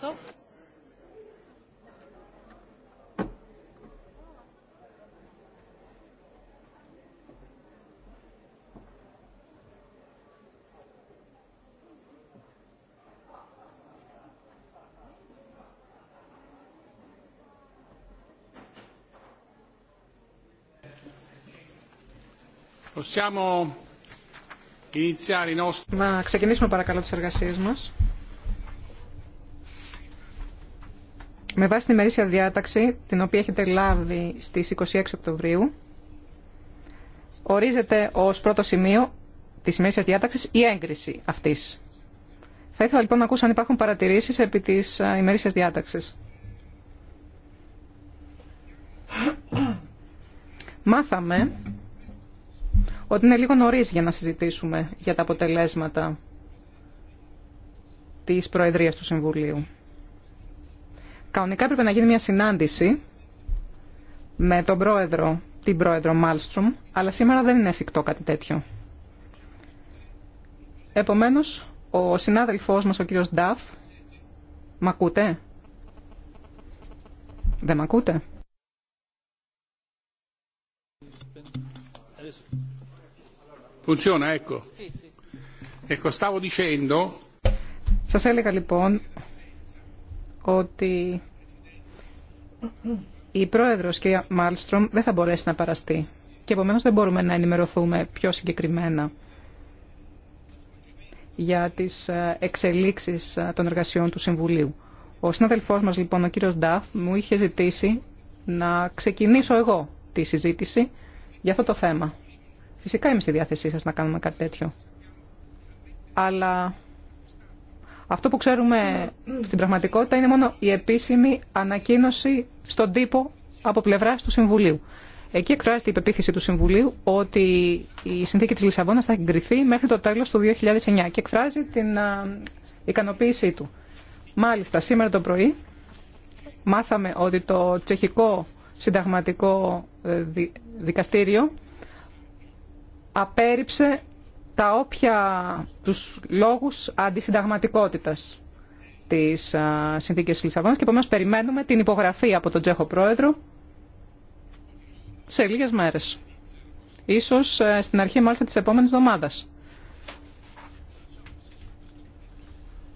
Ευχαριστώ. Να ξεκινήσουμε παρακαλώ τις εργασίες μας. Με βάση την ημερήσια διάταξη, την οποία έχετε λάβει στις 26 Οκτωβρίου, ορίζεται ως πρώτο σημείο της ημερήσιας διάταξης η έγκριση αυτής. Θα ήθελα λοιπόν να ακούσω αν υπάρχουν παρατηρήσεις επί της ε, ημερήσιας διάταξης. Μάθαμε ότι είναι λίγο νωρίς για να συζητήσουμε για τα αποτελέσματα της Προεδρίας του Συμβουλίου. Κανονικά έπρεπε να γίνει μια συνάντηση με τον πρόεδρο, την πρόεδρο Μάλστρουμ, αλλά σήμερα δεν είναι εφικτό κάτι τέτοιο. Επομένως, ο συνάδελφός μας, ο κύριος Νταφ, μ' ακούτε? Δεν μ' ακούτε? Funziona, Σας έλεγα λοιπόν ότι η πρόεδρος κυρία Μάλστρομ δεν θα μπορέσει να παραστεί και επομένως δεν μπορούμε να ενημερωθούμε πιο συγκεκριμένα για τις ε, εξελίξεις ε, των εργασιών του Συμβουλίου. Ο συνάδελφός μας λοιπόν ο κύριος Νταφ μου είχε ζητήσει να ξεκινήσω εγώ τη συζήτηση για αυτό το θέμα. Φυσικά είμαι στη διάθεσή σας να κάνουμε κάτι τέτοιο. Αλλά αυτό που ξέρουμε στην πραγματικότητα είναι μόνο η επίσημη ανακοίνωση στον τύπο από πλευρά του Συμβουλίου. Εκεί εκφράζεται η πεποίθηση του Συμβουλίου ότι η συνθήκη τη Λισαβόνα θα εγκριθεί μέχρι το τέλο του 2009 και εκφράζει την ικανοποίησή του. Μάλιστα, σήμερα το πρωί μάθαμε ότι το τσεχικό συνταγματικό ε, δικαστήριο απέρριψε τα όποια τους λόγους αντισυνταγματικότητας της συνθήκης της Λισαβόνας και επομένως περιμένουμε την υπογραφή από τον Τζέχο Πρόεδρο σε λίγες μέρες. Ίσως ε, στην αρχή μάλιστα της επόμενης εβδομάδας.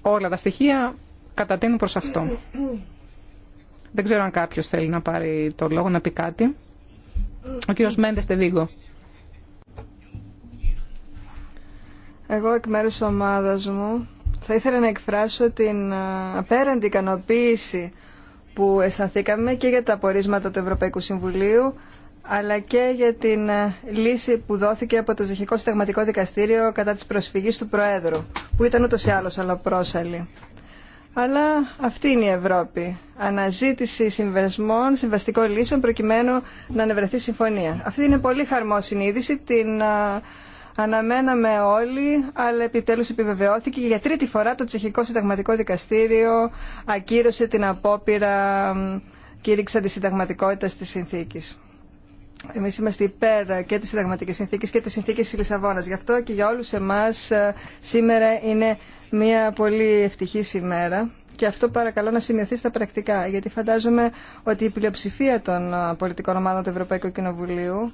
Όλα τα στοιχεία κατατείνουν προς αυτό. Δεν ξέρω αν κάποιος θέλει να πάρει το λόγο να πει κάτι. Ο κύριος Μέντες Τεβίγκο. Εγώ εκ μέρους ομάδας μου θα ήθελα να εκφράσω την απέραντη ικανοποίηση που αισθανθήκαμε και για τα απορίσματα του Ευρωπαϊκού Συμβουλίου αλλά και για την λύση που δόθηκε από το Ζεχικό Συνταγματικό Δικαστήριο κατά της προσφυγής του Προέδρου, που ήταν ούτως ή άλλως αλλοπρόσαλη. Αλλά αυτή είναι η Ευρώπη. Αναζήτηση συμβεσμών, συμβαστικών λύσεων προκειμένου να ανεβρεθεί συμφωνία. Αυτή είναι πολύ χαρμόσυνη είδηση, την αναμέναμε όλοι, αλλά επιτέλους επιβεβαιώθηκε και για τρίτη φορά το Τσεχικό Συνταγματικό Δικαστήριο ακύρωσε την απόπειρα κήρυξη συνταγματικότητα της συνθήκης. Εμεί είμαστε υπέρ και τη συνταγματική συνθήκη και τη συνθήκη τη Λισαβόνα. Γι' αυτό και για όλου εμά ε, σήμερα είναι μια πολύ ευτυχή ημέρα. Και αυτό παρακαλώ να σημειωθεί στα πρακτικά, γιατί φαντάζομαι ότι η πλειοψηφία των ε, πολιτικών ομάδων του Ευρωπαϊκού Κοινοβουλίου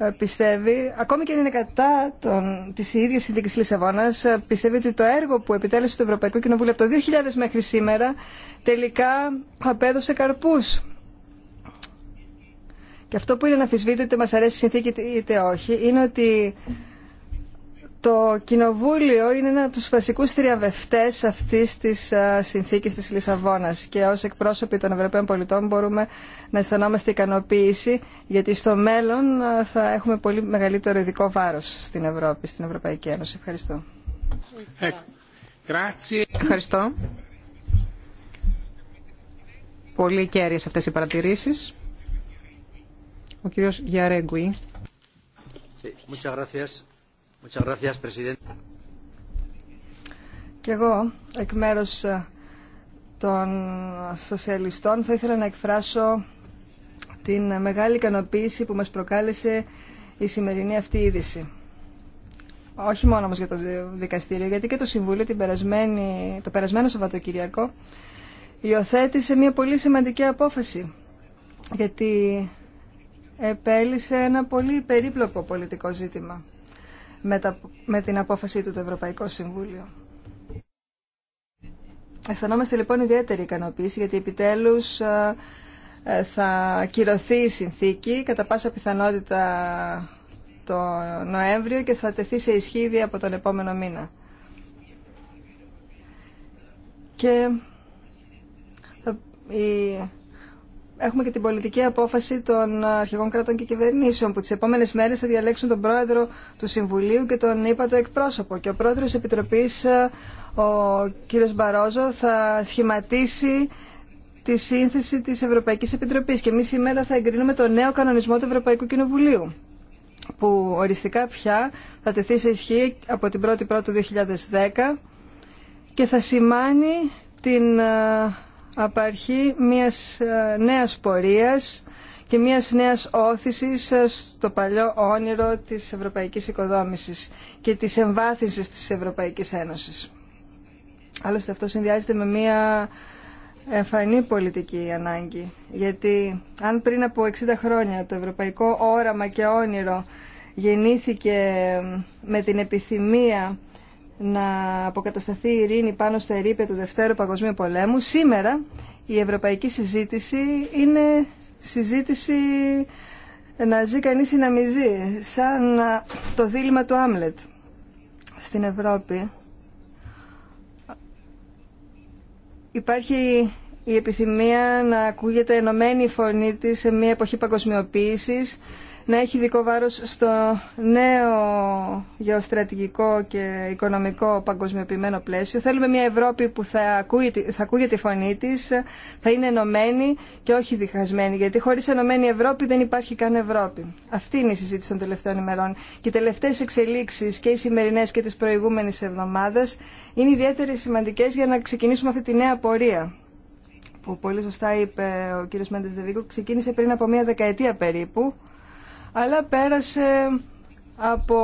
ε, πιστεύει, ακόμη και αν είναι κατά των της ίδιας συνθήκης Λισαβόνας, ε, πιστεύει ότι το έργο που επιτέλεσε το Ευρωπαϊκό Κοινοβούλιο από το 2000 μέχρι σήμερα τελικά απέδωσε καρπούς. Και αυτό που είναι να αφισβείται, είτε μας αρέσει η συνθήκη είτε όχι, είναι ότι το Κοινοβούλιο είναι ένα από τους βασικούς θριαβευτές αυτής της συνθήκης της Λισαβόνας και ως εκπρόσωποι των Ευρωπαίων πολιτών μπορούμε να αισθανόμαστε ικανοποίηση γιατί στο μέλλον θα έχουμε πολύ μεγαλύτερο ειδικό βάρος στην Ευρώπη, στην Ευρωπαϊκή Ένωση. Ευχαριστώ. Ε, Ευχαριστώ. Πολύ κερια αυτές οι παρατηρήσεις. Ο κύριος Γιαρέγκουι. Sí, και εγώ, εκ μέρους ε, των σοσιαλιστών, θα ήθελα να εκφράσω την μεγάλη ικανοποίηση που μας προκάλεσε η σημερινή αυτή είδηση. Όχι μόνο όμως για το δικαστήριο, γιατί και το Συμβούλιο το περασμένο Σαββατοκυριακό υιοθέτησε μια πολύ σημαντική απόφαση, γιατί επέλυσε ένα πολύ περίπλοκο πολιτικό ζήτημα με την απόφασή του το Ευρωπαϊκό Συμβούλιο. Αισθανόμαστε λοιπόν ιδιαίτερη ικανοποίηση γιατί επιτέλους ε, ε, θα κυρωθεί η συνθήκη κατά πάσα πιθανότητα το Νοέμβριο και θα τεθεί σε ισχύ από τον επόμενο μήνα. Και η έχουμε και την πολιτική απόφαση των αρχηγών κρατών και κυβερνήσεων που τις επόμενες μέρες θα διαλέξουν τον πρόεδρο του Συμβουλίου και τον είπα εκπρόσωπο και ο πρόεδρος της Επιτροπής ο κύριος Μπαρόζο θα σχηματίσει τη σύνθεση της Ευρωπαϊκής Επιτροπής και εμεί σήμερα θα εγκρίνουμε το νέο κανονισμό του Ευρωπαϊκού Κοινοβουλίου που οριστικά πια θα τεθεί σε ισχύ από την 1η του 2010 και θα σημάνει την ε, απαρχή μιας ε, νέας πορείας και μιας νέας όθησης ε, στο παλιό όνειρο της ευρωπαϊκής οικοδόμησης και της εμβάθυνσης της Ευρωπαϊκής Ένωσης. Άλλωστε αυτό συνδυάζεται με μια εμφανή πολιτική ανάγκη, γιατί αν πριν από 60 χρόνια το ευρωπαϊκό όραμα και όνειρο γεννήθηκε ε, με την επιθυμία να αποκατασταθεί η ειρήνη πάνω στα ερήπια του Δευτέρου Παγκοσμίου Πολέμου, σήμερα η ευρωπαϊκή συζήτηση είναι συζήτηση να ζει κανεί ή να μη ζει, σαν το δίλημα του Άμλετ στην Ευρώπη. Υπάρχει η επιθυμία να ακούγεται ενωμένη η φωνή της σε μια εποχή παγκοσμιοποίησης, να έχει δικό βάρος στο νέο γεωστρατηγικό και οικονομικό παγκοσμιοποιημένο πλαίσιο. Θέλουμε μια Ευρώπη που θα, ακούει, θα ακούγεται τη φωνή της, θα είναι ενωμένη και όχι διχασμένη, γιατί χωρίς ενωμένη Ευρώπη δεν υπάρχει καν Ευρώπη. Αυτή είναι η συζήτηση των τελευταίων ημερών. Και οι τελευταίες εξελίξεις και οι σημερινές και τις προηγούμενες εβδομάδες είναι ιδιαίτερα σημαντικές για να ξεκινήσουμε αυτή τη νέα πορεία που πολύ σωστά είπε ο κύριος Μέντες Δεβίκο, ξεκίνησε πριν από μία δεκαετία περίπου αλλά πέρασε από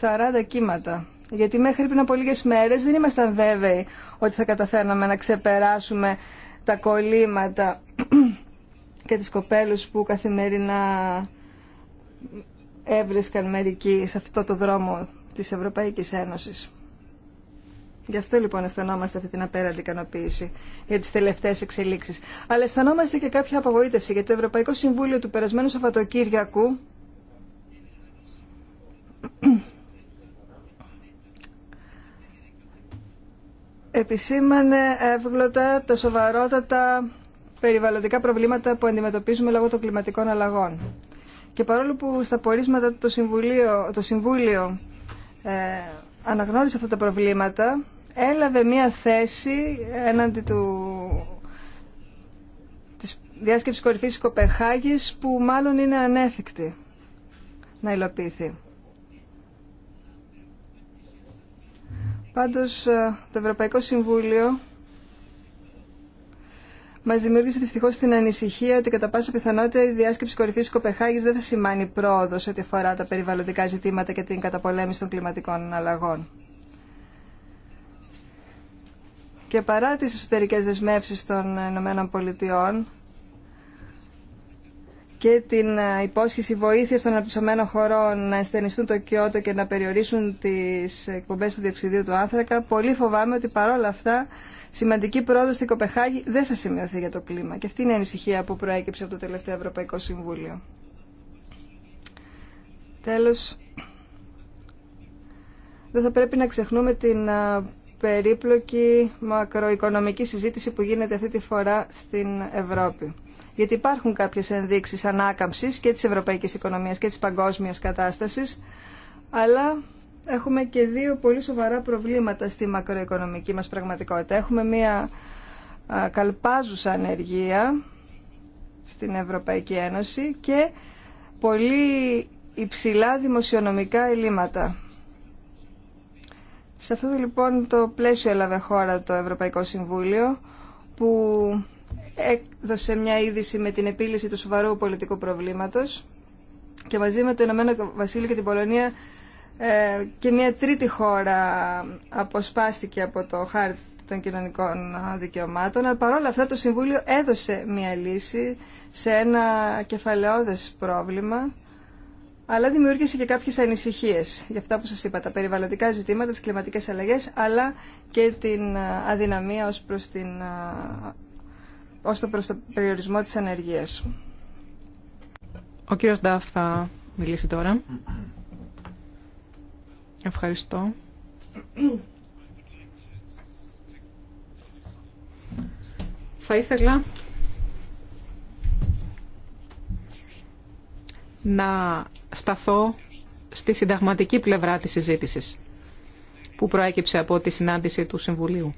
40 κύματα. Γιατί μέχρι πριν από λίγες μέρες δεν ήμασταν βέβαιοι ότι θα καταφέρναμε να ξεπεράσουμε τα κολλήματα και τις κοπέλους που καθημερινά έβρισκαν μερικοί σε αυτό το δρόμο της Ευρωπαϊκής Ένωσης. Γι' αυτό λοιπόν αισθανόμαστε αυτή την απέραντη ικανοποίηση για τι τελευταίε εξελίξει. Αλλά αισθανόμαστε και κάποια απογοήτευση γιατί το Ευρωπαϊκό Συμβούλιο του περασμένου Σαββατοκύριακου επισήμανε εύγλωτα τα σοβαρότατα περιβαλλοντικά προβλήματα που αντιμετωπίζουμε λόγω των κλιματικών αλλαγών. Και παρόλο που στα πορίσματα το Συμβούλιο, το Συμβούλιο ε, αναγνώρισε αυτά τα προβλήματα, έλαβε μία θέση έναντι του της διάσκεψης κορυφής Κοπεχάγης που μάλλον είναι ανέφικτη να υλοποιηθεί. Πάντως ε, το Ευρωπαϊκό Συμβούλιο Μα δημιούργησε δυστυχώ την ανησυχία ότι κατά πάσα πιθανότητα η διάσκεψη κορυφή Κοπεχάγη δεν θα σημάνει πρόοδο ό,τι αφορά τα περιβαλλοντικά ζητήματα και την καταπολέμηση των κλιματικών αλλαγών και παρά τις εσωτερικές δεσμεύσεις των Ηνωμένων Πολιτειών και την ε, υπόσχεση βοήθειας των αναπτυσσομένων χωρών να ενστενιστούν το Κιώτο και να περιορίσουν τις εκπομπές του διοξιδίου του άνθρακα, πολύ φοβάμαι ότι παρόλα αυτά σημαντική πρόοδος στην Κοπεχάγη δεν θα σημειωθεί για το κλίμα. Και αυτή είναι η ανησυχία που προέκυψε από το τελευταίο Ευρωπαϊκό Συμβούλιο. Τέλος, δεν θα πρέπει να ξεχνούμε την ε, περίπλοκη μακροοικονομική συζήτηση που γίνεται αυτή τη φορά στην Ευρώπη. Γιατί υπάρχουν κάποιες ενδείξεις ανάκαμψης και τη Ευρωπαϊκή οικονομία και τη παγκόσμια κατάστασης, αλλά έχουμε και δύο πολύ σοβαρά προβλήματα στη μακροοικονομική μας πραγματικότητα. Έχουμε μία καλπάζουσα ανεργία στην Ευρωπαϊκή Ένωση και πολύ υψηλά δημοσιονομικά ελλείμματα. Σε αυτό λοιπόν το πλαίσιο έλαβε χώρα το Ευρωπαϊκό Συμβούλιο που έδωσε μια είδηση με την επίλυση του σοβαρού πολιτικού προβλήματος και μαζί με το Ηνωμένο Βασίλειο και την Πολωνία ε, και μια τρίτη χώρα αποσπάστηκε από το χάρτη των κοινωνικών δικαιωμάτων, αλλά παρόλα αυτά το Συμβούλιο έδωσε μια λύση σε ένα κεφαλαιόδες πρόβλημα αλλά δημιούργησε και κάποιες ανησυχίες για αυτά που σας είπα, τα περιβαλλοντικά ζητήματα, τις κλιματικές αλλαγές, αλλά και την αδυναμία ως προς, την, ως το, προς το περιορισμό της ανεργίας. Ο κύριος Νταφ θα μιλήσει τώρα. Ευχαριστώ. Θα ήθελα να σταθώ στη συνταγματική πλευρά της συζήτησης που προέκυψε από τη συνάντηση του Συμβουλίου.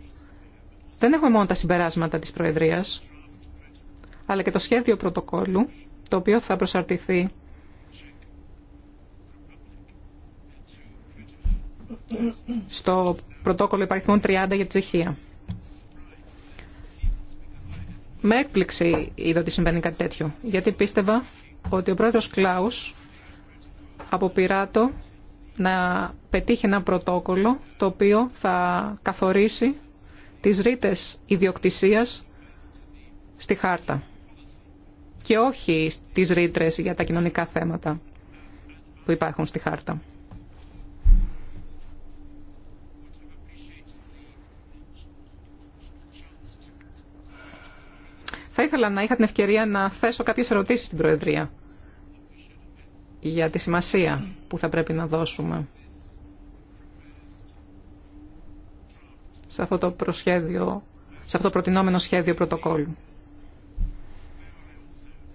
Δεν έχουμε μόνο τα συμπεράσματα της Προεδρίας, αλλά και το σχέδιο πρωτοκόλλου, το οποίο θα προσαρτηθεί στο πρωτόκολλο υπαριθμών 30 για τη Τσεχία. Με έκπληξη είδα ότι συμβαίνει κάτι τέτοιο, γιατί πίστευα ότι ο πρόεδρος Κλάους από πειράτο να πετύχει ένα πρωτόκολλο το οποίο θα καθορίσει τις ρήτες ιδιοκτησίας στη χάρτα και όχι τις ρήτρες για τα κοινωνικά θέματα που υπάρχουν στη χάρτα. Θα ήθελα να είχα την ευκαιρία να θέσω κάποιες ερωτήσεις στην Προεδρία για τη σημασία που θα πρέπει να δώσουμε σε αυτό το προσχέδιο, σε αυτό το προτινόμενο σχέδιο πρωτοκόλλου.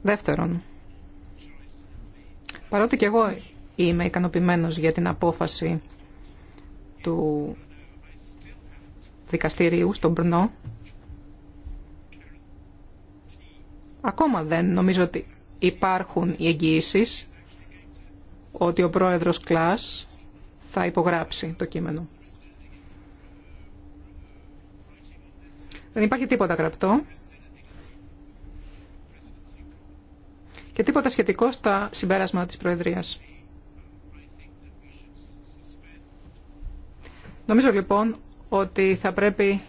Δεύτερον, παρότι και εγώ είμαι ικανοποιημένος για την απόφαση του δικαστηρίου στον Πρνό, Ακόμα δεν νομίζω ότι υπάρχουν οι εγγυήσει ότι ο πρόεδρος Κλάς θα υπογράψει το κείμενο. Δεν υπάρχει τίποτα γραπτό και τίποτα σχετικό στα συμπέρασματα της Προεδρίας. Νομίζω λοιπόν ότι θα πρέπει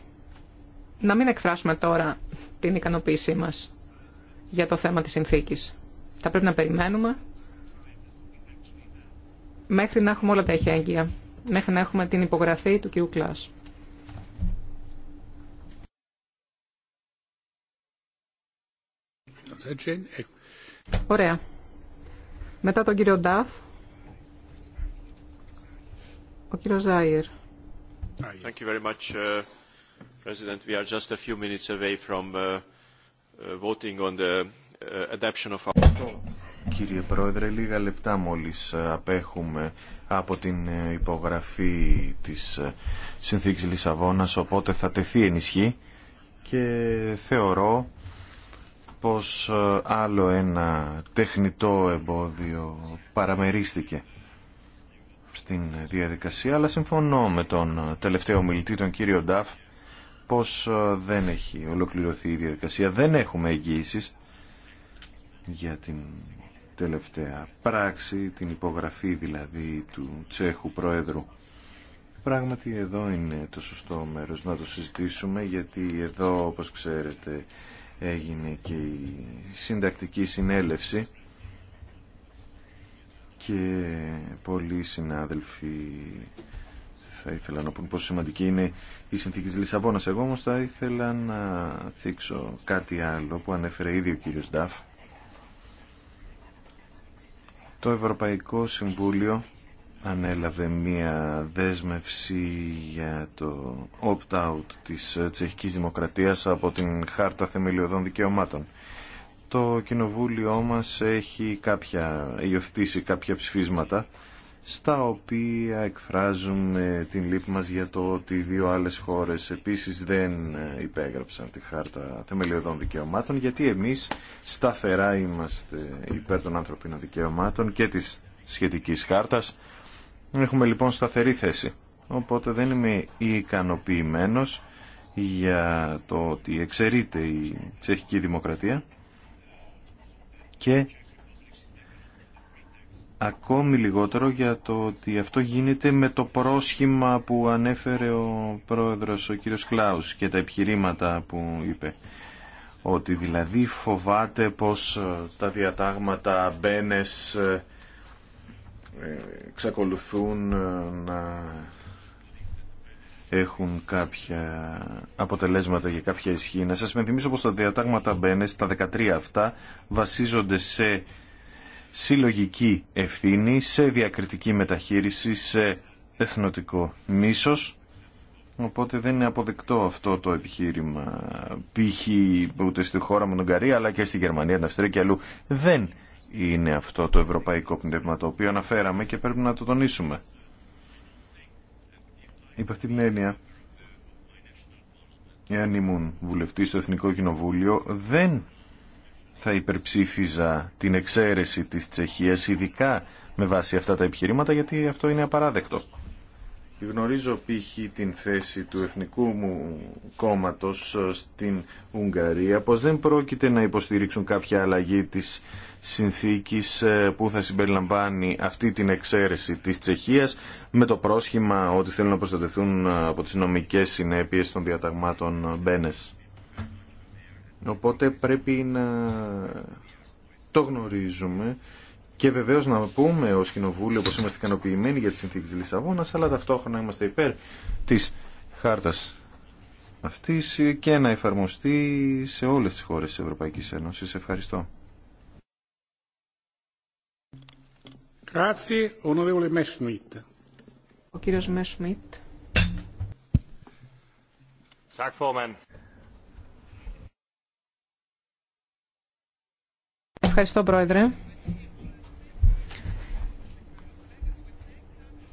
να μην εκφράσουμε τώρα την ικανοποίησή μας για το θέμα της συνθήκης. Θα πρέπει να περιμένουμε μέχρι να έχουμε όλα τα εχέγγυα, μέχρι να έχουμε την υπογραφή του κ. Κλάς. Ωραία. Μετά τον κύριο Νταφ, ο κύριος Ζάιερ. Thank you very much, uh, President. We are just a uh, ε, ε, Κύριε Πρόεδρε, λίγα λεπτά μόλις ε, απέχουμε από την υπογραφή της Συνθήκης Λισαβόνας, οπότε θα τεθεί ενισχύ και θεωρώ πως άλλο ένα τεχνητό εμπόδιο παραμερίστηκε στην διαδικασία, αλλά συμφωνώ με τον τελευταίο μιλητή, τον κύριο Νταφ, πως ε, δεν έχει ολοκληρωθεί η διαδικασία. Δεν έχουμε εγγύησει για την τελευταία πράξη, την υπογραφή δηλαδή του Τσέχου Προέδρου. Πράγματι εδώ είναι το σωστό μέρος να το συζητήσουμε γιατί εδώ όπως ξέρετε έγινε και η συντακτική συνέλευση και πολλοί συνάδελφοι θα ήθελα να πούν πόσο σημαντική είναι η συνθήκη της Λισαβόνας. Εγώ όμως θα ήθελα να θίξω κάτι άλλο που ανέφερε ήδη ο κύριος Νταφ. Το Ευρωπαϊκό Συμβούλιο ανέλαβε μία δέσμευση για το opt-out της τσεχικής δημοκρατίας από την Χάρτα Θεμελιωδών Δικαιωμάτων. Το κοινοβούλιο μας έχει κάποια, υιοθετήσει κάποια ψηφίσματα στα οποία εκφράζουμε την λύπη μας για το ότι δύο άλλες χώρες επίσης δεν ε, υπέγραψαν τη χάρτα θεμελιωδών δικαιωμάτων γιατί εμείς σταθερά είμαστε υπέρ των ανθρωπίνων δικαιωμάτων και της σχετικής χάρτας. Έχουμε λοιπόν σταθερή θέση. Οπότε δεν είμαι ικανοποιημένο για το ότι εξαιρείται η τσεχική δημοκρατία και ακόμη λιγότερο για το ότι αυτό γίνεται με το πρόσχημα που ανέφερε ο πρόεδρος ο κύριος Κλάους και τα επιχειρήματα που είπε ότι δηλαδή φοβάται πως ε, τα διατάγματα μπένες ε, ε, εξακολουθούν να έχουν κάποια αποτελέσματα για κάποια ισχύ. Να σας θυμίσω πως τα διατάγματα μπαίνες, τα 13 αυτά, βασίζονται σε συλλογική ευθύνη, σε διακριτική μεταχείριση, σε εθνοτικό μίσος. Οπότε δεν είναι αποδεκτό αυτό το επιχείρημα. Π.χ. ούτε στη χώρα μου αλλά και στη Γερμανία, την Αυστρία και αλλού. Δεν είναι αυτό το ευρωπαϊκό πνεύμα το οποίο αναφέραμε και πρέπει να το τονίσουμε. είπα αυτή την έννοια, εάν ήμουν βουλευτής στο Εθνικό Κοινοβούλιο, δεν θα υπερψήφιζα την εξαίρεση της Τσεχίας, ειδικά με βάση αυτά τα επιχειρήματα, γιατί αυτό είναι απαράδεκτο. Γνωρίζω π.χ. την θέση του εθνικού μου κόμματος ε, στην Ουγγαρία πως δεν πρόκειται να υποστηρίξουν κάποια αλλαγή της συνθήκης ε, που θα συμπεριλαμβάνει αυτή την εξαίρεση της Τσεχίας με το πρόσχημα ότι θέλουν να προστατευτούν ε, από τις νομικές συνέπειες των διαταγμάτων Μπένες. Οπότε πρέπει να το γνωρίζουμε και βεβαίω να πούμε ω Κοινοβούλιο πω είμαστε ικανοποιημένοι για τη συνθήκη τη Λισαβόνα, αλλά ταυτόχρονα είμαστε υπέρ τη χάρτα αυτή και να εφαρμοστεί σε όλε τι χώρε τη Ευρωπαϊκή Ένωση. Ευχαριστώ. Ο κύριος Ευχαριστώ, Πρόεδρε.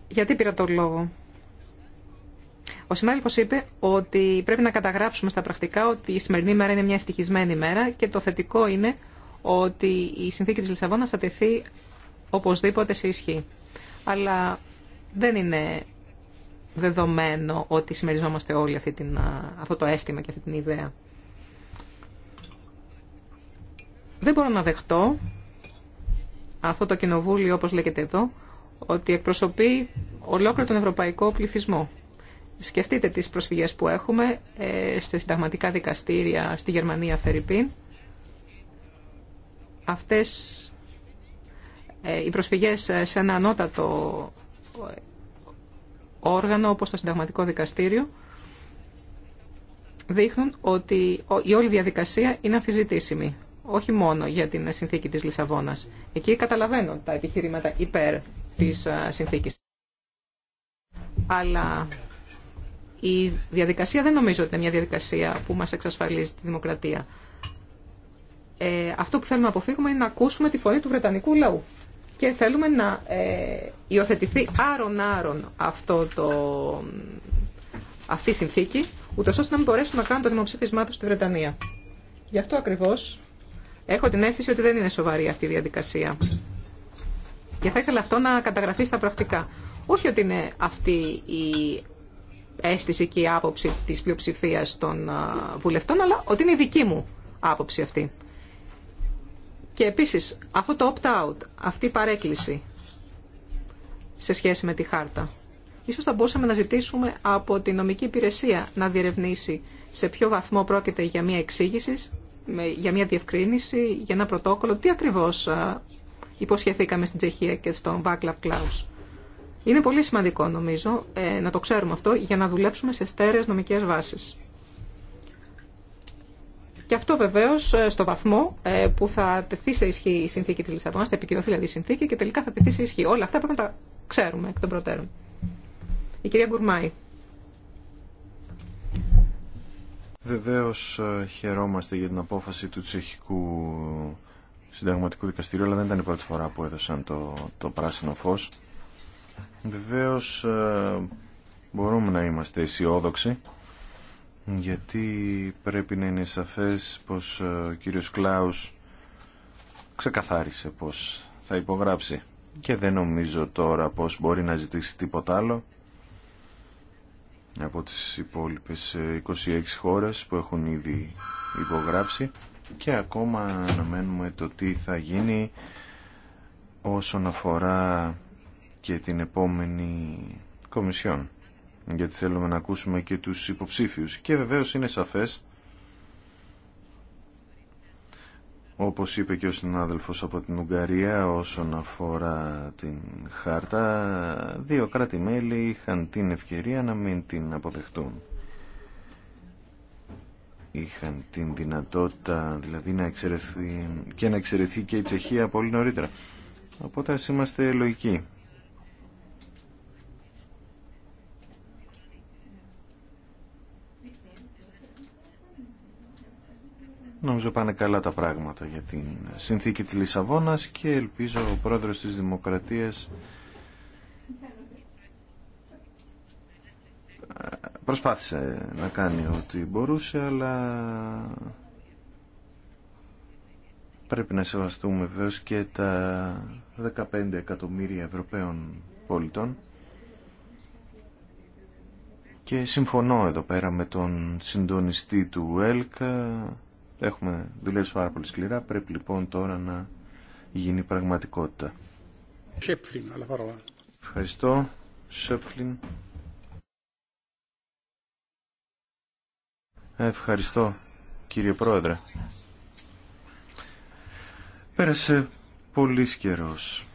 Γιατί πήρα το λόγο. Ο συνάδελφο είπε ότι πρέπει να καταγράψουμε στα πρακτικά ότι η σημερινή μέρα είναι μια ευτυχισμένη μέρα και το θετικό είναι ότι η συνθήκη της Λισαβόνας θα τεθεί οπωσδήποτε σε ισχύ. Αλλά δεν είναι δεδομένο ότι συμμεριζόμαστε όλοι αυτή την, αυτό το αίσθημα και αυτή την ιδέα. Δεν μπορώ να δεχτώ αυτό το κοινοβούλιο, όπως λέγεται εδώ, ότι εκπροσωπεί ολόκληρο τον ευρωπαϊκό πληθυσμό. Σκεφτείτε τις προσφυγές που έχουμε ε, στα συνταγματικά δικαστήρια στη Γερμανία Φερρυπίν. Αυτές ε, οι προσφυγές ε, σε ένα ανώτατο ε, όργανο όπως το συνταγματικό δικαστήριο δείχνουν ότι η όλη διαδικασία είναι αμφιζητήσιμη όχι μόνο για την συνθήκη της Λισαβόνας. Εκεί καταλαβαίνω τα επιχειρήματα υπέρ της συνθήκης. Αλλά η διαδικασία δεν νομίζω ότι είναι μια διαδικασία που μας εξασφαλίζει τη δημοκρατία. Ε, αυτό που θέλουμε να αποφύγουμε είναι να ακούσουμε τη φωνή του Βρετανικού λαού. Και θέλουμε να ε, υιοθετηθεί άρον-άρον αυτό το, αυτή η συνθήκη, ούτως ώστε να μην μπορέσουν να κάνουμε το δημοψήφισμά του στη Βρετανία. Γι' αυτό ακριβώς Έχω την αίσθηση ότι δεν είναι σοβαρή αυτή η διαδικασία. Και θα ήθελα αυτό να καταγραφεί στα πρακτικά. Όχι ότι είναι αυτή η αίσθηση και η άποψη της πλειοψηφία των βουλευτών, αλλά ότι είναι η δική μου άποψη αυτή. Και επίσης, αυτό το opt-out, αυτή η παρέκκληση σε σχέση με τη χάρτα, ίσως θα μπορούσαμε να ζητήσουμε από τη νομική υπηρεσία να διερευνήσει σε ποιο βαθμό πρόκειται για μια εξήγηση για μια διευκρίνηση, για ένα πρωτόκολλο. Τι ακριβώς υποσχεθήκαμε στην Τσεχία και στον Βάκλαβ Κλάους. Είναι πολύ σημαντικό νομίζω ε, να το ξέρουμε αυτό για να δουλέψουμε σε στέρεες νομικές βάσεις. Και αυτό βεβαίω ε, στο βαθμό ε, που θα τεθεί σε ισχύ η συνθήκη τη Λισαβόνα, θα επικυρωθεί δηλαδή η συνθήκη και τελικά θα τεθεί σε ισχύ. Όλα αυτά πρέπει να τα ξέρουμε εκ των προτέρων. Η κυρία Γκουρμάη. Βεβαίως ε, χαιρόμαστε για την απόφαση του τσεχικού συνταγματικού δικαστηρίου, αλλά δεν ήταν η πρώτη φορά που έδωσαν το, το πράσινο φως. Βεβαίως ε, μπορούμε να είμαστε αισιόδοξοι, γιατί πρέπει να είναι σαφές πως ε, ο κύριος Κλάους ξεκαθάρισε πως θα υπογράψει. Και δεν νομίζω τώρα πως μπορεί να ζητήσει τίποτα άλλο από τις υπόλοιπες 26 ε, χώρες που έχουν ήδη υπογράψει και ακόμα αναμένουμε το τι θα γίνει όσον αφορά και την επόμενη Κομισιόν γιατί θέλουμε να ακούσουμε και τους υποψήφιους και βεβαίως είναι σαφές Όπως είπε και ο συνάδελφος από την Ουγγαρία όσον αφορά την χάρτα, δύο κράτη-μέλη είχαν την ευκαιρία να μην την αποδεχτούν. Είχαν την δυνατότητα δηλαδή να εξαιρεθεί και να εξαιρεθεί και η Τσεχία πολύ νωρίτερα. Οπότε ας είμαστε λογικοί. Νομίζω πάνε καλά τα πράγματα για την συνθήκη της Λισαβόνας και ελπίζω ο πρόεδρος της Δημοκρατίας ε, προσπάθησε να κάνει ό,τι μπορούσε αλλά πρέπει να σεβαστούμε βεβαίω και τα 15 εκατομμύρια Ευρωπαίων πολιτών και συμφωνώ εδώ πέρα με τον συντονιστή του ΕΛΚΑ Έχουμε δουλέψει πάρα πολύ σκληρά, πρέπει λοιπόν τώρα να γίνει πραγματικότητα. αλλά παρόλα. Ευχαριστώ. Ευχαριστώ, κύριε Πρόεδρε. Πέρασε πολύ καιρός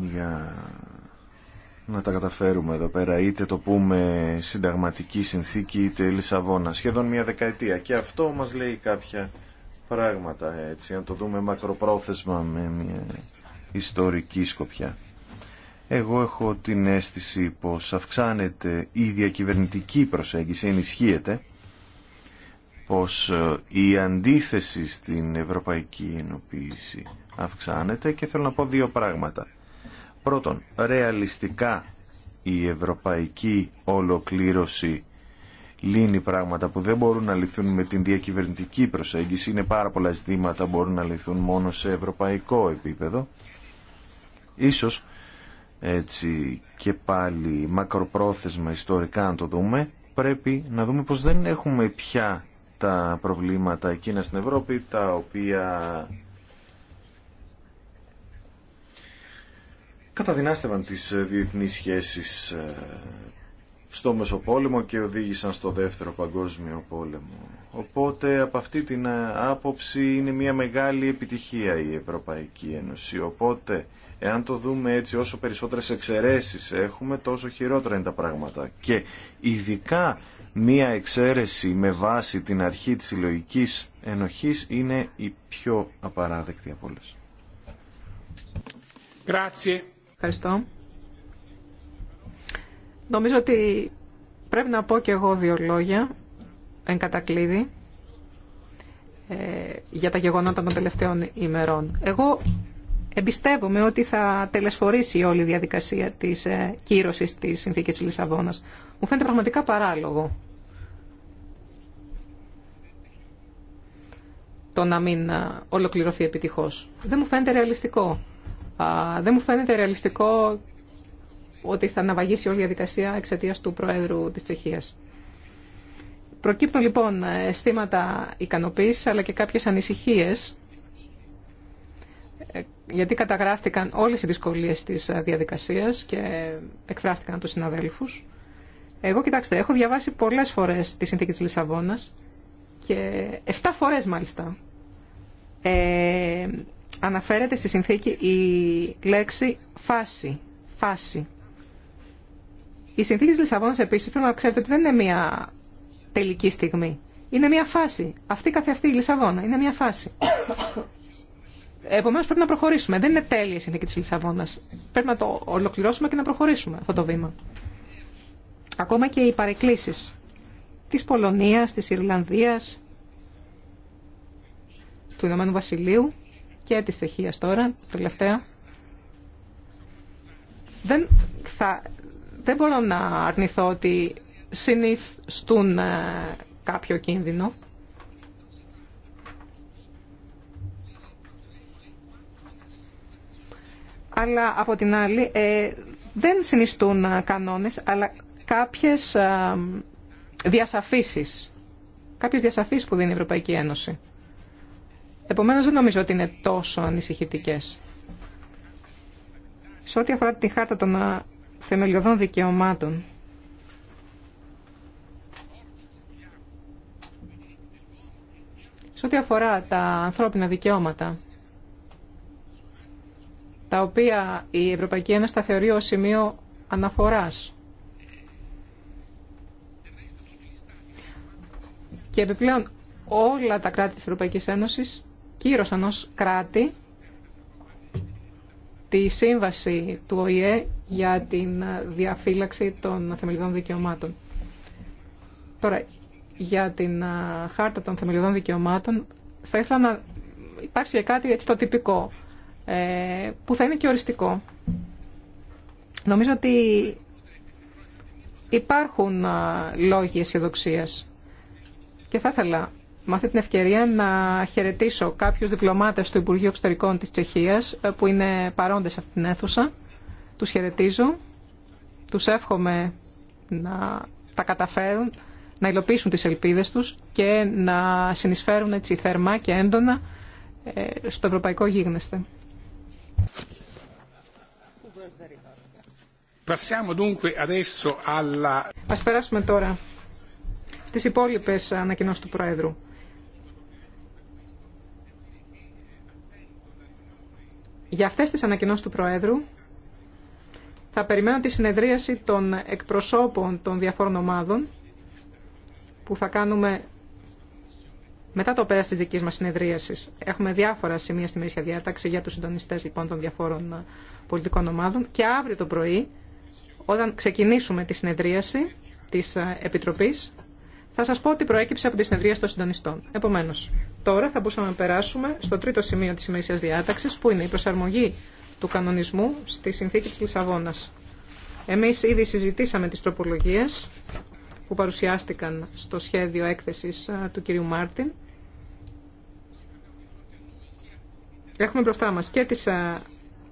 για να τα καταφέρουμε εδώ πέρα, είτε το πούμε συνταγματική συνθήκη είτε Λισαβόνα. Σχεδόν μια δεκαετία. Και αυτό μας λέει κάποια πράγματα, έτσι, αν το δούμε μακροπρόθεσμα με μια ιστορική σκοπιά. Εγώ έχω την αίσθηση πως αυξάνεται η διακυβερνητική προσέγγιση, ενισχύεται, πως ε, η αντίθεση στην ευρωπαϊκή ενοποίηση αυξάνεται και θέλω να πω δύο πράγματα. Πρώτον, ρεαλιστικά η ευρωπαϊκή ολοκλήρωση λύνει πράγματα που δεν μπορούν να λυθούν με την διακυβερνητική προσέγγιση. Είναι πάρα πολλά ζητήματα που μπορούν να λυθούν μόνο σε ευρωπαϊκό επίπεδο. Ίσως έτσι και πάλι μακροπρόθεσμα ιστορικά αν το δούμε πρέπει να δούμε πως δεν έχουμε πια τα προβλήματα εκείνα στην Ευρώπη τα οποία καταδυνάστευαν τις ε, διεθνείς σχέσεις ε, στο Μεσοπόλεμο και οδήγησαν στο Δεύτερο Παγκόσμιο Πόλεμο. Οπότε από αυτή την ε, άποψη είναι μια μεγάλη επιτυχία η Ευρωπαϊκή Ένωση. Οπότε εάν το δούμε έτσι όσο περισσότερες εξαιρέσεις έχουμε τόσο χειρότερα είναι τα πράγματα. Και ειδικά μια εξαίρεση με βάση την αρχή της συλλογική ενοχής είναι η πιο απαράδεκτη από όλες. Grazie. Ευχαριστώ. Νομίζω ότι πρέπει να πω και εγώ δύο λόγια, εν κατακλείδη, ε, για τα γεγονότα των τελευταίων ημερών. Εγώ εμπιστεύομαι ότι θα τελεσφορήσει όλη η διαδικασία της ε, κύρωσης της συνθήκης της Λισαβόνας. Μου φαίνεται πραγματικά παράλογο το να μην ε, ολοκληρωθεί επιτυχώς. Δεν μου φαίνεται ρεαλιστικό δεν μου φαίνεται ρεαλιστικό ότι θα αναβαγίσει όλη η διαδικασία εξαιτία του Προέδρου της Τσεχίας. Προκύπτουν λοιπόν αισθήματα ικανοποίησης αλλά και κάποιες ανησυχίες ε, γιατί καταγράφτηκαν όλες οι δυσκολίες της ε, διαδικασίας και εκφράστηκαν τους συναδέλφους. Εγώ, κοιτάξτε, έχω διαβάσει πολλές φορές τη συνθήκη της Λισαβόνας και 7 φορές μάλιστα. Ε, αναφέρεται στη συνθήκη η λέξη φάση. φάση. Η συνθήκη της Λισαβόνας επίσης πρέπει να ξέρετε ότι δεν είναι μια τελική στιγμή. Είναι μια φάση. Αυτή καθε αυτή η Λισαβόνα είναι μια φάση. Επομένως πρέπει να προχωρήσουμε. Δεν είναι τέλεια η συνθήκη της Λισαβόνας. Πρέπει να το ολοκληρώσουμε και να προχωρήσουμε αυτό το βήμα. Ακόμα και οι παρεκκλήσεις της Πολωνίας, της Ιρλανδίας, του Ηνωμένου Βασιλείου και της Τσεχίας τώρα, τελευταία. Δεν, θα, δεν μπορώ να αρνηθώ ότι συνιστούν ε, κάποιο κίνδυνο. Αλλά από την άλλη ε, δεν συνιστούν ε, κανόνες, αλλά κάποιες διασαφήσεις. Κάποιες διασαφήσεις που δίνει η Ευρωπαϊκή Ένωση. Επομένως δεν νομίζω ότι είναι τόσο ανησυχητικές. Σε ό,τι αφορά τη χάρτα των θεμελιωδών δικαιωμάτων, σε ό,τι αφορά τα ανθρώπινα δικαιώματα, τα οποία η Ευρωπαϊκή Ένωση τα θεωρεί ως σημείο αναφοράς. Και επιπλέον όλα τα κράτη της Ευρωπαϊκής Ένωσης κύρωσαν ως κράτη τη σύμβαση του ΟΗΕ για την διαφύλαξη των θεμελιδών δικαιωμάτων. Τώρα, για την χάρτα των θεμελιωδών δικαιωμάτων θα ήθελα να υπάρξει κάτι έτσι το τυπικό, ε, που θα είναι και οριστικό. Νομίζω ότι υπάρχουν λόγοι αισιοδοξία. Και θα ήθελα με αυτή την ευκαιρία να χαιρετήσω κάποιους διπλωμάτες του Υπουργείου Εξωτερικών της Τσεχίας ε, που είναι παρόντες σε αυτήν την αίθουσα. Τους χαιρετίζω, του εύχομαι να τα καταφέρουν, να υλοποιήσουν τις ελπίδες τους και να συνεισφέρουν έτσι θερμά και έντονα ε, στο ευρωπαϊκό γίγνεσθε. Ας περάσουμε τώρα στις υπόλοιπες ανακοινώσεις του Πρόεδρου. Για αυτές τις ανακοινώσει του Προέδρου θα περιμένω τη συνεδρίαση των εκπροσώπων των διαφόρων ομάδων που θα κάνουμε μετά το πέρας της δική μα συνεδρίασης. Έχουμε διάφορα σημεία στη μέση διάταξη για του συντονιστέ λοιπόν των διαφόρων πολιτικών ομάδων και αύριο το πρωί όταν ξεκινήσουμε τη συνεδρίαση της Επιτροπής θα σα πω ότι προέκυψε από τη συνεδρία των συντονιστών. Επομένω, τώρα θα μπορούσαμε να περάσουμε στο τρίτο σημείο τη ημερησία διάταξη, που είναι η προσαρμογή του κανονισμού στη συνθήκη τη Λισαβόνα. Εμεί ήδη συζητήσαμε τι τροπολογίε που παρουσιάστηκαν στο σχέδιο έκθεση του κυρίου Μάρτιν. Έχουμε μπροστά μας και τις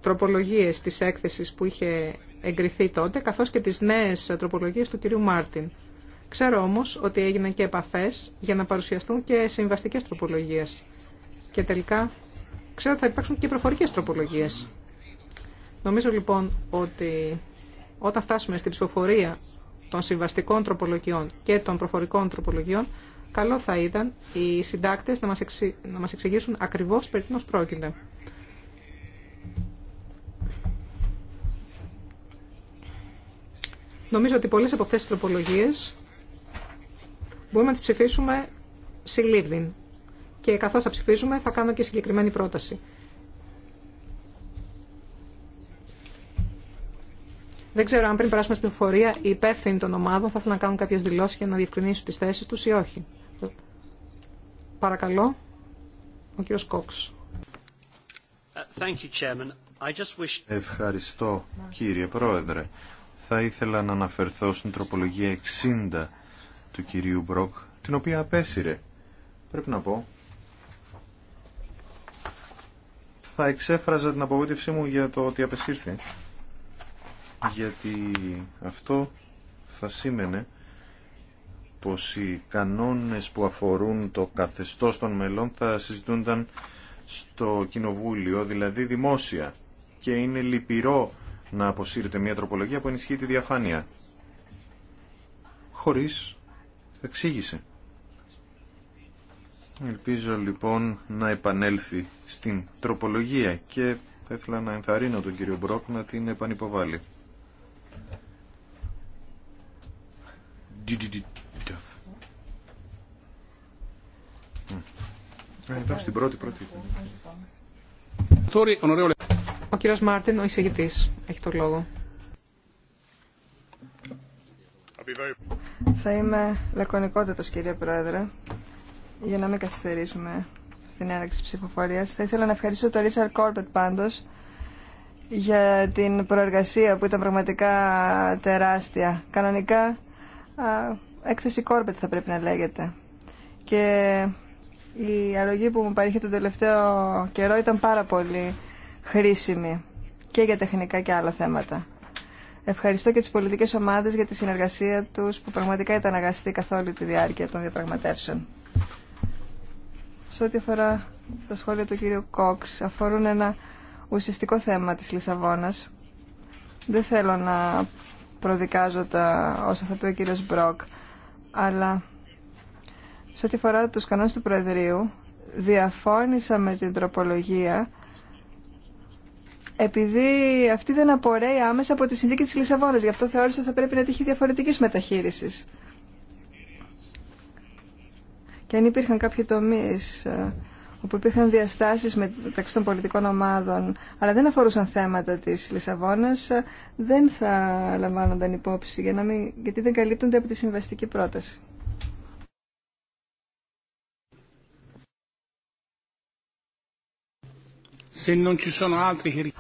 τροπολογίες της έκθεσης που είχε εγκριθεί τότε, καθώς και τις νέες τροπολογίες του κυρίου Μάρτιν. Ξέρω όμως ότι έγιναν και επαφέ για να παρουσιαστούν και συμβαστικέ τροπολογίες. Και τελικά ξέρω ότι θα υπάρξουν και προφορικές τροπολογίες. Νομίζω λοιπόν ότι όταν φτάσουμε στην ψηφοφορία των συμβαστικών τροπολογιών και των προφορικών τροπολογιών, καλό θα ήταν οι συντάκτε να μας, εξηγήσουν ακριβώ περί πρόκειται. Νομίζω ότι πολλές από αυτές τις τροπολογίες Μπορούμε να τι ψηφίσουμε συλλήβδιν. Και καθώ θα ψηφίζουμε θα κάνω και συγκεκριμένη πρόταση. Δεν ξέρω αν πριν περάσουμε στην εμφορία οι υπεύθυνοι των ομάδων θα ήθελαν να κάνουν κάποιε δηλώσει για να διευκρινίσουν τι θέσει του, ή όχι. Παρακαλώ, ο κύριο Κόξ. Ευχαριστώ κύριε Πρόεδρε. Θα ήθελα να αναφερθώ στην τροπολογία 60 του κυρίου Μπροκ, την οποία απέσυρε. Πρέπει να πω. Θα εξέφραζα την απογοήτευσή μου για το ότι απεσύρθη. Γιατί αυτό θα σήμαινε πως οι κανόνες που αφορούν το καθεστώς των μελών θα συζητούνταν στο κοινοβούλιο, δηλαδή δημόσια. Και είναι λυπηρό να αποσύρεται μια τροπολογία που ενισχύει τη διαφάνεια. Χωρίς εξήγησε. Ελπίζω λοιπόν να επανέλθει στην τροπολογία και θα ήθελα να ενθαρρύνω τον κύριο Μπρόκ να την επανυποβάλει. Εδώ στην πρώτη, πρώτη. Ο κύριος Μάρτιν, ο εισηγητής, έχει το λόγο. Θα είμαι λακωνικότατος, κύριε Πρόεδρε, για να μην καθυστερήσουμε στην έναρξη ψηφοφορίας. Θα ήθελα να ευχαριστήσω τον Ρίσαρ Κόρπετ πάντως για την προεργασία που ήταν πραγματικά τεράστια. Κανονικά, έκθεση Κόρπετ θα πρέπει να λέγεται. Και η αρρωγή που μου παρήχε τον τελευταίο καιρό ήταν πάρα πολύ χρήσιμη και για τεχνικά και άλλα θέματα. Ευχαριστώ και τις πολιτικές ομάδες για τη συνεργασία τους που πραγματικά ήταν αγαστή καθ' όλη τη διάρκεια των διαπραγματεύσεων. Σε ό,τι αφορά τα σχόλια του κύριου Κόξ, αφορούν ένα ουσιαστικό θέμα της Λισαβόνας. Δεν θέλω να προδικάζω τα όσα θα πει ο κύριος Μπροκ, αλλά σε ό,τι αφορά τους κανόνες του Προεδρείου, διαφώνησα με την τροπολογία επειδή αυτή δεν απορρέει άμεσα από τη συνθήκη της Λισαβόνας. Γι' αυτό θεώρησα ότι θα πρέπει να τύχει διαφορετικής μεταχείρισης. Και αν υπήρχαν κάποιοι τομείς ε, όπου υπήρχαν διαστάσεις μεταξύ των πολιτικών ομάδων, αλλά δεν αφορούσαν θέματα της Λισαβόνας, ε, δεν θα λαμβάνονταν υπόψη, για να γιατί δεν καλύπτονται από τη συμβαστική πρόταση.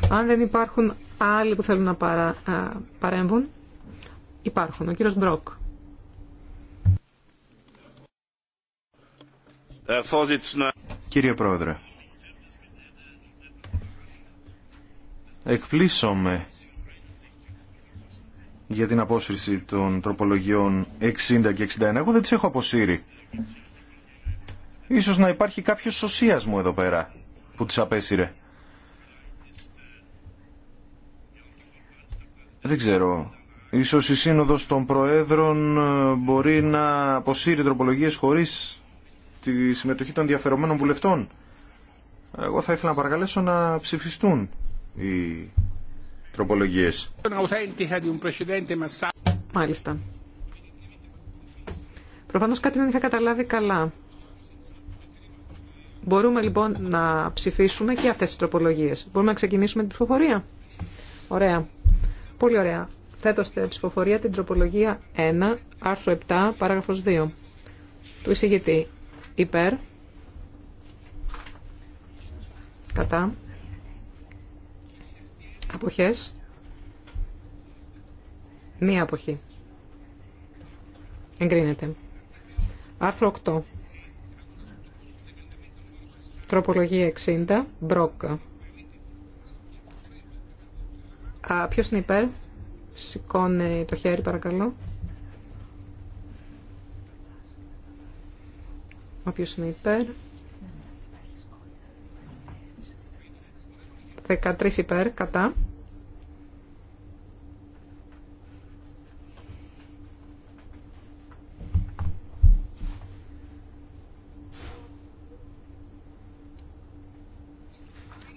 Αν δεν υπάρχουν άλλοι που θέλουν να παρα, α, παρέμβουν, υπάρχουν. Ο κύριος Μπρόκ. Ε, Κύριε Πρόεδρε, με για την απόσυρση των τροπολογιών 60 και 61. Εγώ δεν τις έχω αποσύρει. Ίσως να υπάρχει κάποιος σωσίας μου εδώ πέρα που τις απέσυρε. Δεν ξέρω. Ίσως η Σύνοδος των Προέδρων ε, μπορεί να αποσύρει τροπολογίες χωρίς τη συμμετοχή των διαφερομένων βουλευτών. Εγώ θα ήθελα να παρακαλέσω να ψηφιστούν οι τροπολογίες. Μάλιστα. Προφανώς κάτι δεν είχα καταλάβει καλά. Μπορούμε λοιπόν να ψηφίσουμε και αυτές τις τροπολογίες. Μπορούμε να ξεκινήσουμε την ψηφοφορία. Ωραία. Πολύ ωραία. Θέτω στην ψηφοφορία την τροπολογία 1, άρθρο 7, παράγραφος 2 του εισηγητή. Υπέρ. Κατά. Αποχές. Μία αποχή. Εγκρίνεται. Άρθρο 8. Τροπολογία 60. Μπρόκ. Ποιος είναι υπέρ. Σηκώνει το χέρι παρακαλώ. Όποιος είναι υπέρ. 13 υπέρ, κατά.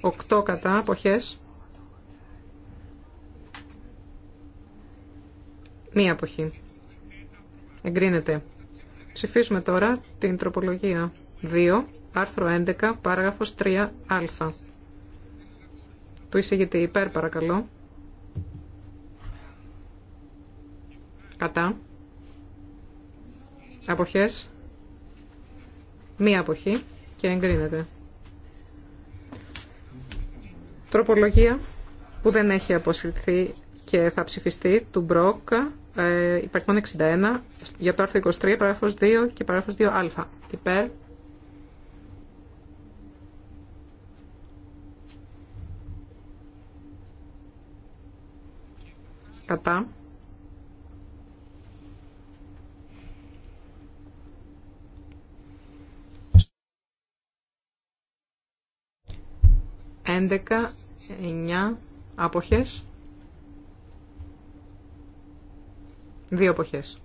Οκτώ κατά, αποχές. Μία αποχή. Εγκρίνεται. Ψηφίσουμε τώρα την τροπολογία 2, άρθρο 11, παράγραφος 3α. Του εισηγητή υπέρ παρακαλώ. Κατά. Αποχές. Μία αποχή και εγκρίνεται. Τροπολογία που δεν έχει αποσυρθεί και θα ψηφιστεί του Μπρόκα ε, μόνο 61 για το άρθρο 23, παράγραφος 2 και παράγραφος 2α. Υπέρ. Κατά. Έντεκα, εννιά, άποχες. Δύο εποχές.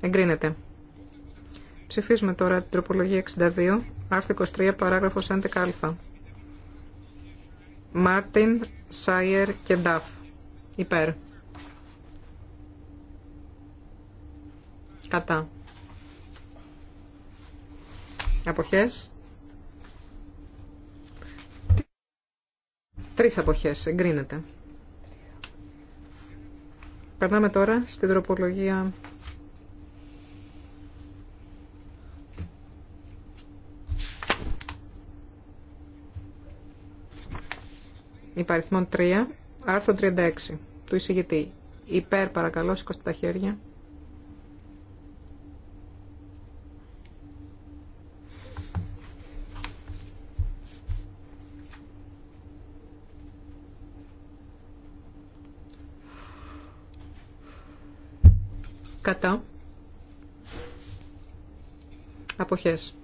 Εγκρίνεται. Ψηφίζουμε τώρα την τροπολογία 62, άρθρο 23, παράγραφος 11α. Μάρτιν, Σάιερ και Νταφ. Υπέρ. Κατά. Αποχές. Τρεις αποχές. Εγκρίνεται. Περνάμε τώρα στην τροπολογία 3, άρθρο 36 του εισηγητή. Υπέρ παρακαλώ, σηκώστε τα χέρια. κατά αποχές.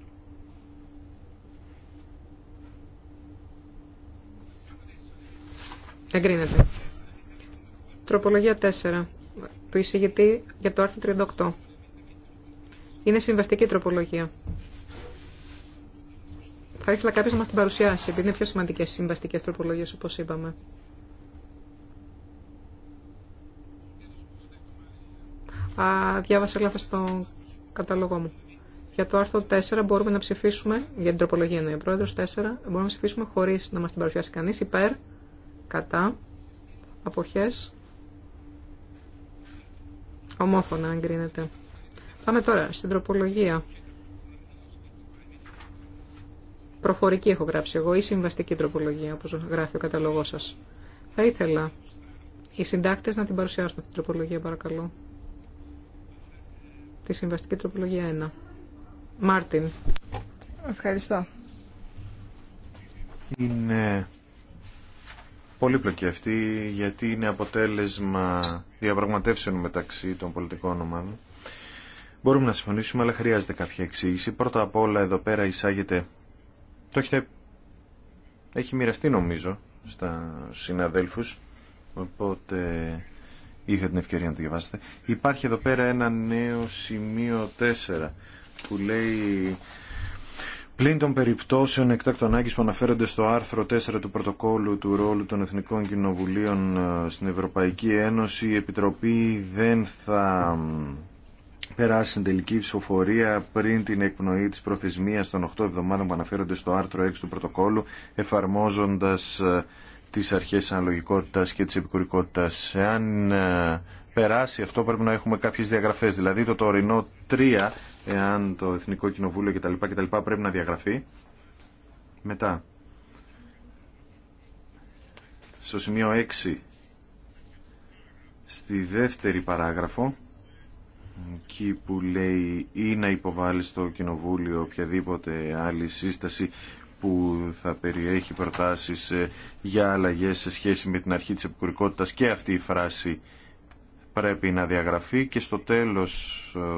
Εγκρίνεται. Τροπολογία 4. Του εισηγητή για το άρθρο 38. Είναι συμβαστική τροπολογία. Θα ήθελα κάποιο να μα την παρουσιάσει, επειδή είναι πιο σημαντικέ οι συμβαστικέ τροπολογίε, όπω είπαμε. Α, διάβασα λάθο στον καταλογό μου. Για το άρθρο 4 μπορούμε να ψηφίσουμε, για την τροπολογία εννοεί ο πρόεδρο 4, μπορούμε να ψηφίσουμε χωρί να μα την παρουσιάσει κανεί υπέρ, κατά, αποχέ. ομόφωνα αν κρίνεται. Πάμε τώρα στην τροπολογία. Προφορική έχω γράψει εγώ ή συμβαστική τροπολογία, όπως γράφει ο καταλογός σας. Θα ήθελα οι συντάκτες να την παρουσιάσουν αυτή την τροπολογία, παρακαλώ τη συμβαστική τροπολογία 1. Μάρτιν. Ευχαριστώ. Είναι πολύ αυτή γιατί είναι αποτέλεσμα διαπραγματεύσεων μεταξύ των πολιτικών ομάδων. Μπορούμε να συμφωνήσουμε, αλλά χρειάζεται κάποια εξήγηση. Πρώτα απ' όλα εδώ πέρα εισάγεται... Το έχετε... Έχει μοιραστεί νομίζω στα συναδέλφους. Οπότε είχα την ευκαιρία να το διαβάσετε. Υπάρχει εδώ πέρα ένα νέο σημείο 4 που λέει Πλην των περιπτώσεων εκτάκτων ανάγκη που αναφέρονται στο άρθρο 4 του πρωτοκόλου του ρόλου των Εθνικών Κοινοβουλίων ε, στην Ευρωπαϊκή Ένωση, η Επιτροπή δεν θα περάσει την τελική ψηφοφορία πριν την εκπνοή της προθεσμίας των 8 εβδομάδων που αναφέρονται στο άρθρο 6 του πρωτοκόλου, εφαρμόζοντας ε, τις αρχές αναλογικότητας και της επικουρικότητας. Εάν ε, περάσει αυτό πρέπει να έχουμε κάποιες διαγραφές. Δηλαδή το τωρινό 3, εάν το Εθνικό Κοινοβούλιο κτλ. κτλ πρέπει να διαγραφεί. Μετά. Στο σημείο 6, στη δεύτερη παράγραφο, εκεί που λέει ή να υποβάλει στο Κοινοβούλιο οποιαδήποτε άλλη σύσταση που θα περιέχει προτάσεις ε, για αλλαγές σε σχέση με την αρχή της επικουρικότητας και αυτή η φράση πρέπει να διαγραφεί και στο τέλος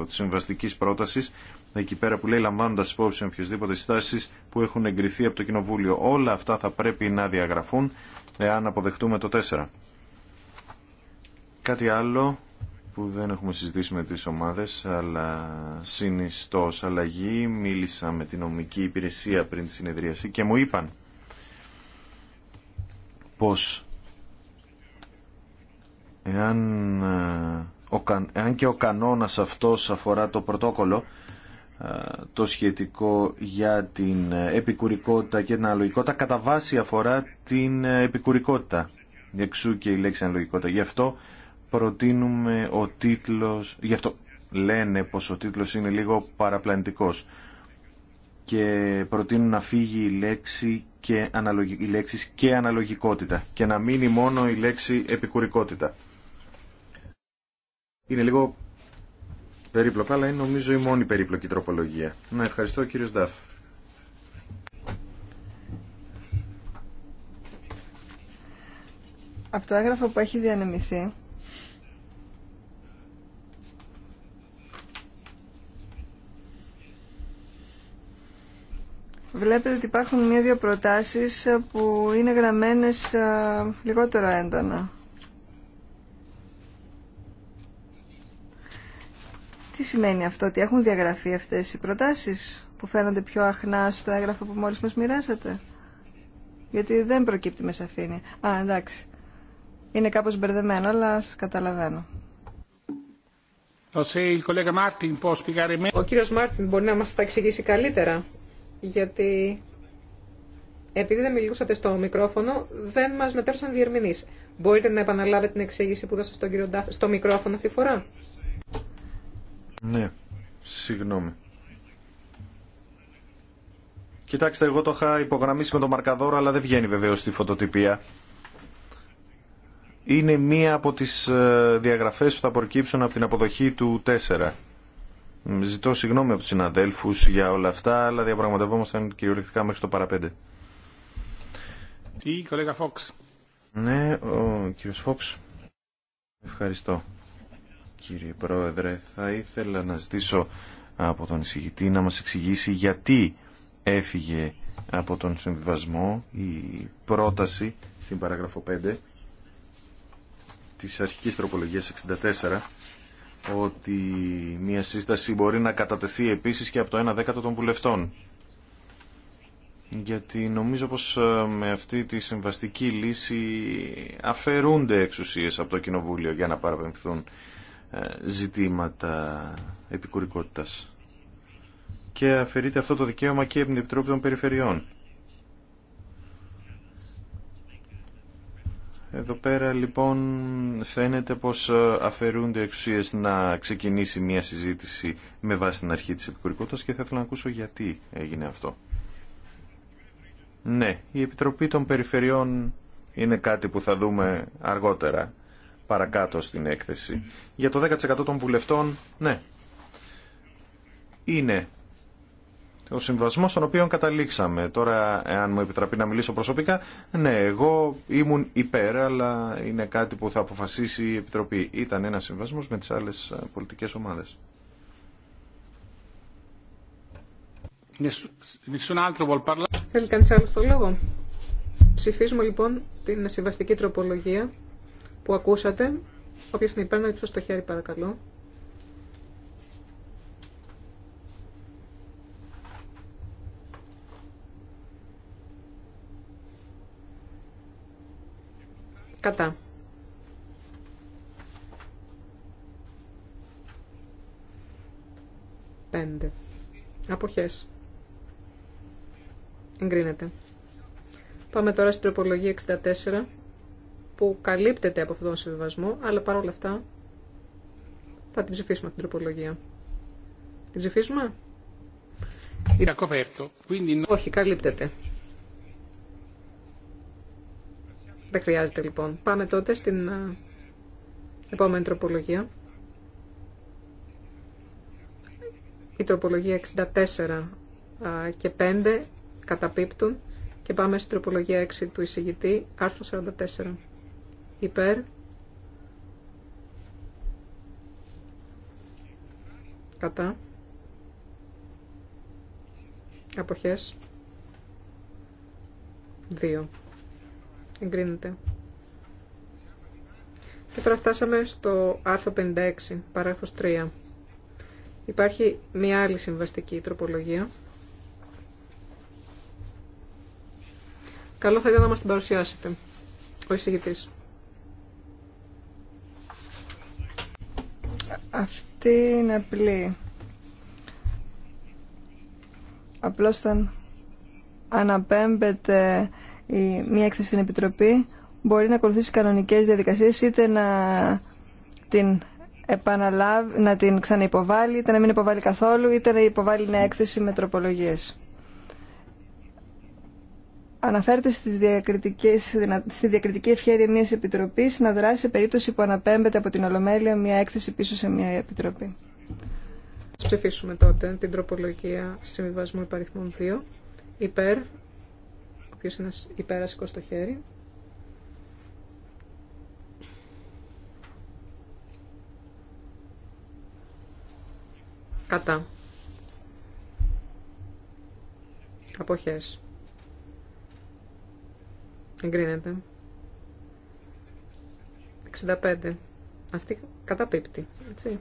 ε, της συμβαστικής πρότασης εκεί πέρα που λέει λαμβάνοντα υπόψη οποιασδήποτε στάσεις που έχουν εγκριθεί από το Κοινοβούλιο. Όλα αυτά θα πρέπει να διαγραφούν εάν αποδεχτούμε το 4. Κάτι άλλο που δεν έχουμε συζητήσει με τις ομάδες, αλλά συνιστός αλλαγή. Μίλησα με την νομική υπηρεσία πριν τη συνεδρίαση και μου είπαν πως εάν, ε, ο, εάν και ο κανόνας αυτός αφορά το πρωτόκολλο, ε, το σχετικό για την ε, επικουρικότητα και την αναλογικότητα κατά βάση αφορά την επικουρικότητα εξού και η λέξη αναλογικότητα γι' αυτό προτείνουμε ο τίτλος, γι' αυτό λένε πως ο τίτλος είναι λίγο παραπλανητικός και προτείνουν να φύγει η λέξη και αναλογι... και αναλογικότητα και να μείνει μόνο η λέξη επικουρικότητα. Είναι λίγο περίπλοκα, αλλά είναι νομίζω η μόνη περίπλοκη τροπολογία. Να ευχαριστώ κύριο Ντάφ. Από το έγγραφο που έχει διανεμηθεί βλέπετε ότι υπάρχουν μία-δύο προτάσεις που είναι γραμμένες ε, λιγότερο έντονα. Τι σημαίνει αυτό, ότι έχουν διαγραφεί αυτές οι προτάσεις που φαίνονται πιο αχνά στο έγγραφο που μόλις μας μοιράσατε. Γιατί δεν προκύπτει με σαφήνεια. Α, εντάξει. Είναι κάπως μπερδεμένο, αλλά σας καταλαβαίνω. Ο κύριος Μάρτιν μπορεί να μας τα εξηγήσει καλύτερα γιατί επειδή δεν μιλούσατε στο μικρόφωνο, δεν μας μετέφρασαν διερμηνείς. Μπορείτε να επαναλάβετε την εξήγηση που δώσατε στον κύριο στο μικρόφωνο αυτή τη φορά. Ναι, συγγνώμη. Κοιτάξτε, εγώ το είχα υπογραμμίσει με τον Μαρκαδόρο, αλλά δεν βγαίνει βεβαίω στη φωτοτυπία. Είναι μία από τις ε, διαγραφές που θα προκύψουν από την αποδοχή του 4. Ζητώ συγγνώμη από του συναδέλφου για όλα αυτά, αλλά διαπραγματευόμασταν κυριολεκτικά μέχρι το παραπέντε. Τι, κολέγα Φόξ. Ναι, ο κύριος Φόξ. Ευχαριστώ. Κύριε Πρόεδρε, θα ήθελα να ζητήσω από τον εισηγητή να μας εξηγήσει γιατί έφυγε από τον συμβιβασμό η πρόταση στην παράγραφο 5 της αρχικής τροπολογίας 64 ότι μια σύσταση μπορεί να κατατεθεί επίσης και από το 1 δέκατο των βουλευτών. Γιατί νομίζω πως ε, με αυτή τη συμβαστική λύση αφαιρούνται εξουσίες από το Κοινοβούλιο για να παραπεμφθούν ε, ζητήματα επικουρικότητας. Και αφαιρείται αυτό το δικαίωμα και από την Επιτροπή των Περιφερειών. Εδώ πέρα λοιπόν φαίνεται πως ε, αφαιρούνται εξουσίες να ξεκινήσει μια συζήτηση με βάση την αρχή της επικουρικότητας και θα ήθελα να ακούσω γιατί έγινε αυτό. Ναι, η Επιτροπή των Περιφερειών είναι κάτι που θα δούμε αργότερα παρακάτω στην έκθεση. Για το 10% των βουλευτών, ναι, είναι ο συμβασμό στον οποίο καταλήξαμε. Τώρα, εάν μου επιτραπεί να μιλήσω προσωπικά, ναι, εγώ ήμουν υπέρ, αλλά είναι κάτι που θα αποφασίσει η Επιτροπή. Ήταν ένα συμβασμό με τις άλλες πολιτικές ομάδες. Θέλει κανεί άλλο το λόγο. Ψηφίζουμε λοιπόν την συμβαστική τροπολογία που ακούσατε. Όποιο την υπέρ να το χέρι παρακαλώ. Κατά. Πέντε. Αποχές. Εγκρίνεται. Πάμε τώρα στην τροπολογία 64 που καλύπτεται από αυτόν τον συμβιβασμό, αλλά παρόλα αυτά θα την ψηφίσουμε την τροπολογία. Την ψηφίσουμε? Όχι, καλύπτεται. Δεν χρειάζεται λοιπόν. Πάμε τότε στην ε, επόμενη τροπολογία. Η τροπολογία 64 ε, και 5 καταπίπτουν και πάμε στην τροπολογία 6 του εισηγητή, άρθρο 44. Υπέρ. Κατά. Αποχές. 2. Εγκρίνεται. Και τώρα φτάσαμε στο άρθρο 56, παράγραφος 3. Υπάρχει μια άλλη συμβαστική τροπολογία. Καλό θα ήταν να μας την παρουσιάσετε, ο εισηγητής. Αυτή είναι απλή. Απλώς θα αναπέμπεται η μια έκθεση στην Επιτροπή μπορεί να ακολουθήσει κανονικές διαδικασίες είτε να την επαναλάβει, να την ξαναυποβάλει, είτε να μην υποβάλει καθόλου, είτε να υποβάλει μια έκθεση με τροπολογίες. Αναφέρεται στις στη διακριτική ευχαίρεια μια επιτροπή να δράσει σε περίπτωση που αναπέμπεται από την Ολομέλεια μια έκθεση πίσω σε μια επιτροπή. Ψηφίσουμε τότε την τροπολογία συμβιβασμού υπαριθμών 2. Υπέρ, κάποιος ένας υπέρασικο στο χέρι. Κατά. Αποχές. Εγκρίνεται. 65. Αυτή καταπίπτει. Έτσι.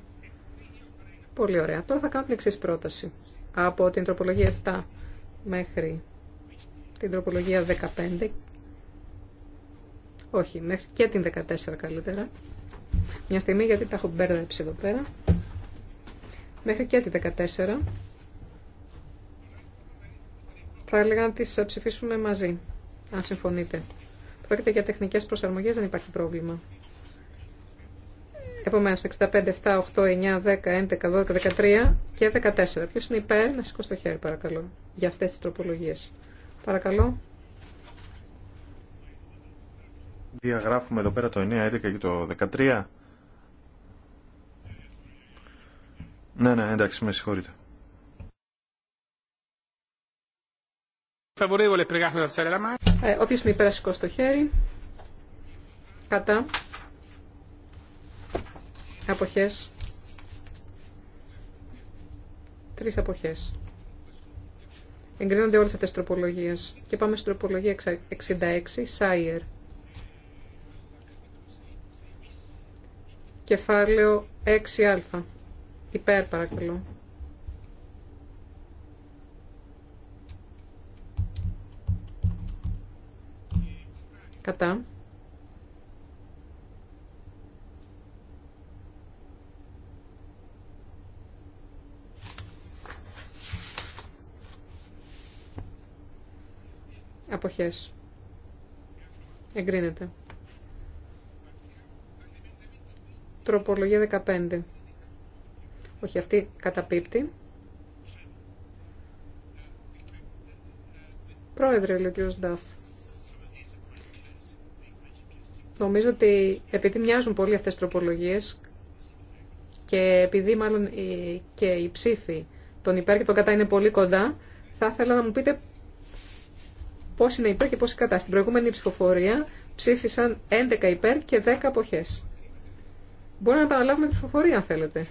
Πολύ ωραία. Τώρα θα κάνω την εξή πρόταση. Από την τροπολογία 7 μέχρι την τροπολογία 15, όχι, μέχρι και την 14 καλύτερα, μια στιγμή γιατί τα έχω μπέρδεψει εδώ πέρα, μέχρι και την 14, θα έλεγα να τις ψηφίσουμε μαζί, αν συμφωνείτε. Πρόκειται για τεχνικές προσαρμογές, δεν υπάρχει πρόβλημα. Επομένως, 65, 7, 8, 9, 10, 11, 12, 13 και 14. Ποιος είναι υπέρ, να σηκώσει το χέρι παρακαλώ, για αυτές τις τροπολογίες. Παρακαλώ. Διαγράφουμε εδώ πέρα το 9, 11 και το 13. Ναι, ναι, εντάξει, με συγχωρείτε. Ε, όποιος είναι υπέρα στο χέρι. Κατά. Αποχές. Τρεις αποχές. Εγκρίνονται όλες αυτές τις τροπολογίες. Και πάμε στην τροπολογία 66, Σάιερ. Κεφάλαιο 6α. Υπέρ παρακαλώ. Κατά. Αποχές. Εγκρίνεται. Τροπολογία 15. Όχι, αυτή καταπίπτει. Πρόεδρε, λέει ο κ. Νταφ. Νομίζω ότι επειδή μοιάζουν πολύ αυτές τις τροπολογίες και επειδή μάλλον και οι ψήφοι των υπέρ και των κατά είναι πολύ κοντά, θα ήθελα να μου πείτε πώς είναι υπέρ και πώς είναι κατά. Στην προηγούμενη ψηφοφορία ψήφισαν 11 υπέρ και 10 αποχές. Μπορεί να επαναλάβουμε ψηφοφορία αν θέλετε.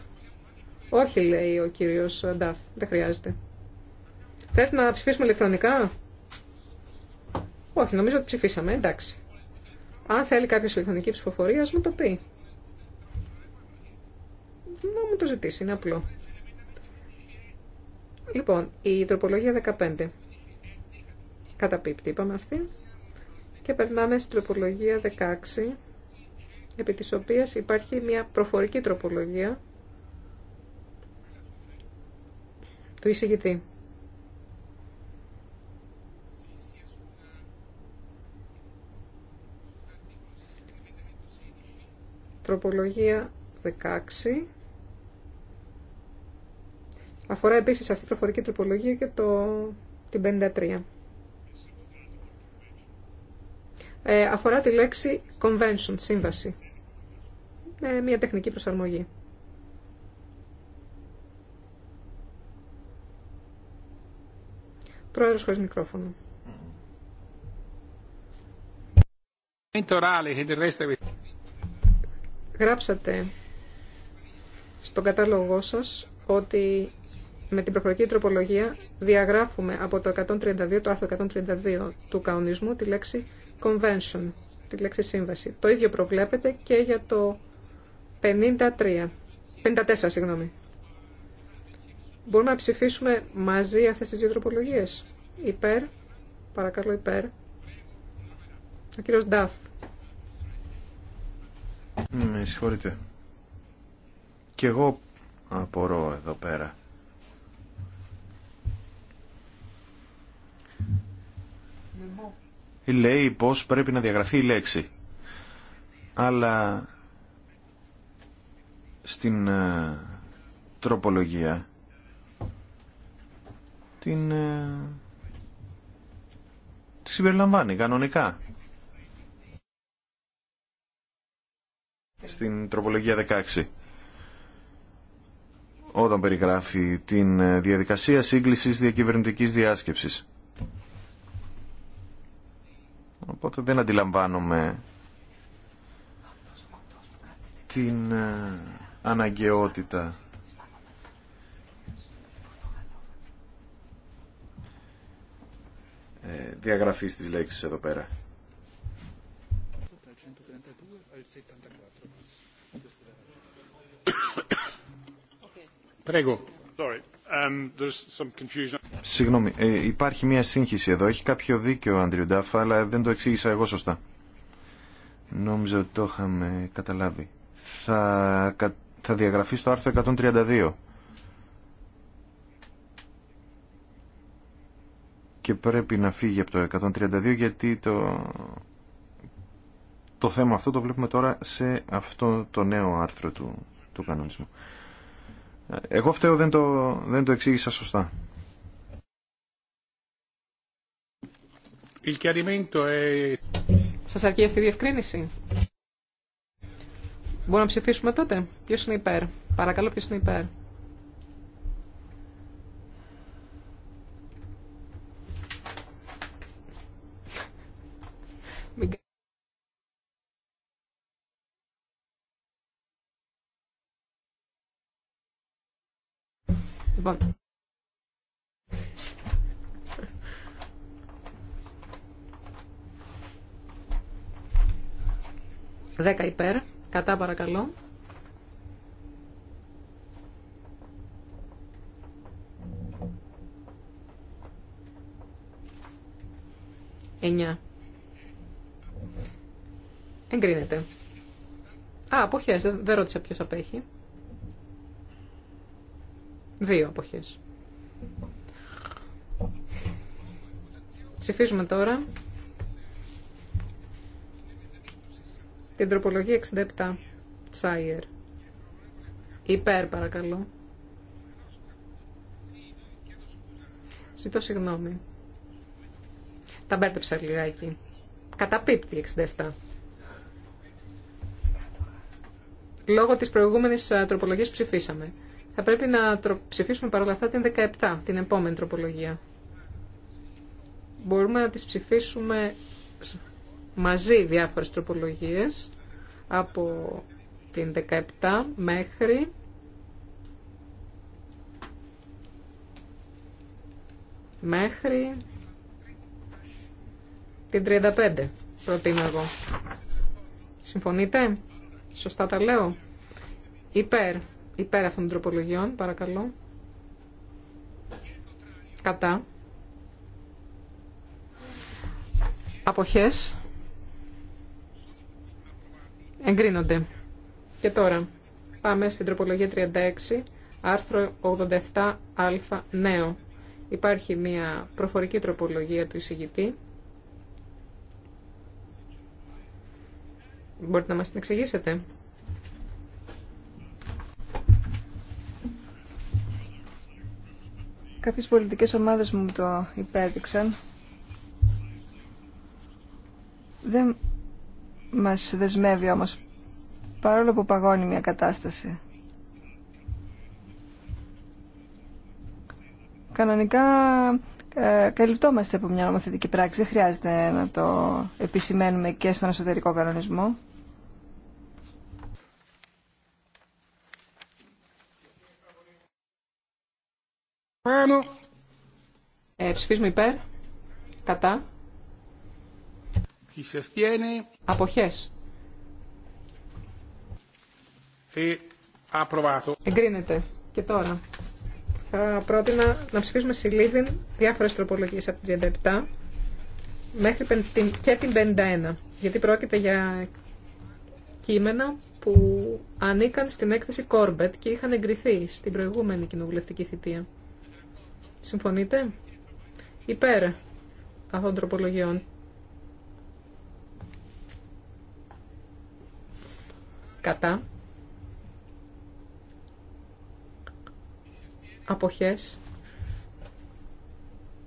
Όχι, λέει ο κύριος Νταφ. Δεν χρειάζεται. Θέλετε να ψηφίσουμε ηλεκτρονικά. Όχι, νομίζω ότι ψηφίσαμε. Εντάξει. Αν θέλει κάποιο ηλεκτρονική ψηφοφορία, α μου το πει. Να μου το ζητήσει, είναι απλό. Λοιπόν, η τροπολογία 15. Καταπίπτει, είπαμε αυτή. Και περνάμε στην τροπολογία 16, επί της οποίας υπάρχει μια προφορική τροπολογία του εισηγητή. Τροπολογία 16. Αφορά επίσης αυτή η προφορική τροπολογία και το, την 53. Ε, αφορά τη λέξη convention, σύμβαση. Ε, μια τεχνική προσαρμογή. Πρόεδρος χωρίς μικρόφωνο. Γράψατε στον κατάλογό σας ότι με την προχωρική τροπολογία διαγράφουμε από το 132, το άρθρο 132 του καονισμού τη λέξη convention, τη λέξη σύμβαση. Το ίδιο προβλέπεται και για το 53, 54, συγγνώμη. Μπορούμε να ψηφίσουμε μαζί αυτές τις δύο τροπολογίες. Υπέρ, παρακαλώ υπέρ. Ο κύριος Νταφ. Με συγχωρείτε. Κι εγώ απορώ εδώ πέρα λέει πως πρέπει να διαγραφεί η λέξη. Αλλά στην ε, τροπολογία την ε, τη συμπεριλαμβάνει κανονικά. Στην τροπολογία 16 όταν περιγράφει την ε, διαδικασία σύγκλησης διακυβερνητικής διάσκεψης. Οπότε δεν αντιλαμβάνομαι την ε, αναγκαιότητα ε, διαγραφής της λέξης εδώ πέρα. Um, Συγγνώμη, ε, υπάρχει μια σύγχυση εδώ. Έχει κάποιο δίκιο ο Άντριου Ντάφα, αλλά δεν το εξήγησα εγώ σωστά. Νόμιζα ότι το είχαμε καταλάβει. Θα, θα διαγραφεί στο άρθρο 132. Και πρέπει να φύγει από το 132 γιατί το, το θέμα αυτό το βλέπουμε τώρα σε αυτό το νέο άρθρο του, του κανονισμού. Ε, εγώ φταίω δεν το, δεν το εξήγησα σωστά. Σας αρκεί αυτή η διευκρίνηση. Μπορούμε να ψηφίσουμε τότε. Ποιος είναι υπέρ. Παρακαλώ ποιος είναι υπέρ. Λοιπόν, Δέκα υπέρ. Κατά παρακαλώ. Εννιά. Εγκρίνεται. Α, αποχές. Δεν ρώτησα ποιος απέχει. Δύο αποχές. Ψηφίζουμε τώρα την τροπολογία 67 Τσάιερ. Υπέρ παρακαλώ. Ζητώ συγγνώμη. Τα μπέρδεψα λιγάκι. Καταπίπτει 67. Λόγω της προηγούμενης τροπολογίας ψηφίσαμε. Θα πρέπει να ψηφίσουμε παρόλα αυτά την 17, την επόμενη τροπολογία. Μπορούμε να τις ψηφίσουμε μαζί διάφορες τροπολογίες από την 17 μέχρι μέχρι την 35 προτείνω εγώ. Συμφωνείτε? Σωστά τα λέω. Υπέρ, υπέρ αυτών των τροπολογιών, παρακαλώ. Κατά. Αποχές. Εγκρίνονται. Και τώρα πάμε στην τροπολογία 36, άρθρο 87α νέο. Υπάρχει μια προφορική τροπολογία του εισηγητή. Μπορείτε να μας την εξηγήσετε. Κάποιες πολιτικές ομάδες μου το υπέδειξαν. Δεν μας δεσμεύει όμως, παρόλο που παγώνει μια κατάσταση. Κανονικά ε, καλυπτόμαστε από μια νομοθετική πράξη, δεν χρειάζεται να το επισημαίνουμε και στον εσωτερικό κανονισμό. Ε, ψηφίζουμε υπέρ, κατά. Αποχές. Εγκρίνεται. Και τώρα. Θα πρότεινα να ψηφίσουμε σε Λίδιν διάφορες τροπολογίες από την 37 μέχρι και την 51. Γιατί πρόκειται για κείμενα που ανήκαν στην έκθεση Κόρμπετ και είχαν εγκριθεί στην προηγούμενη κοινοβουλευτική θητεία. Συμφωνείτε? Υπέρ αυτών των τροπολογιών. κατά, αποχές,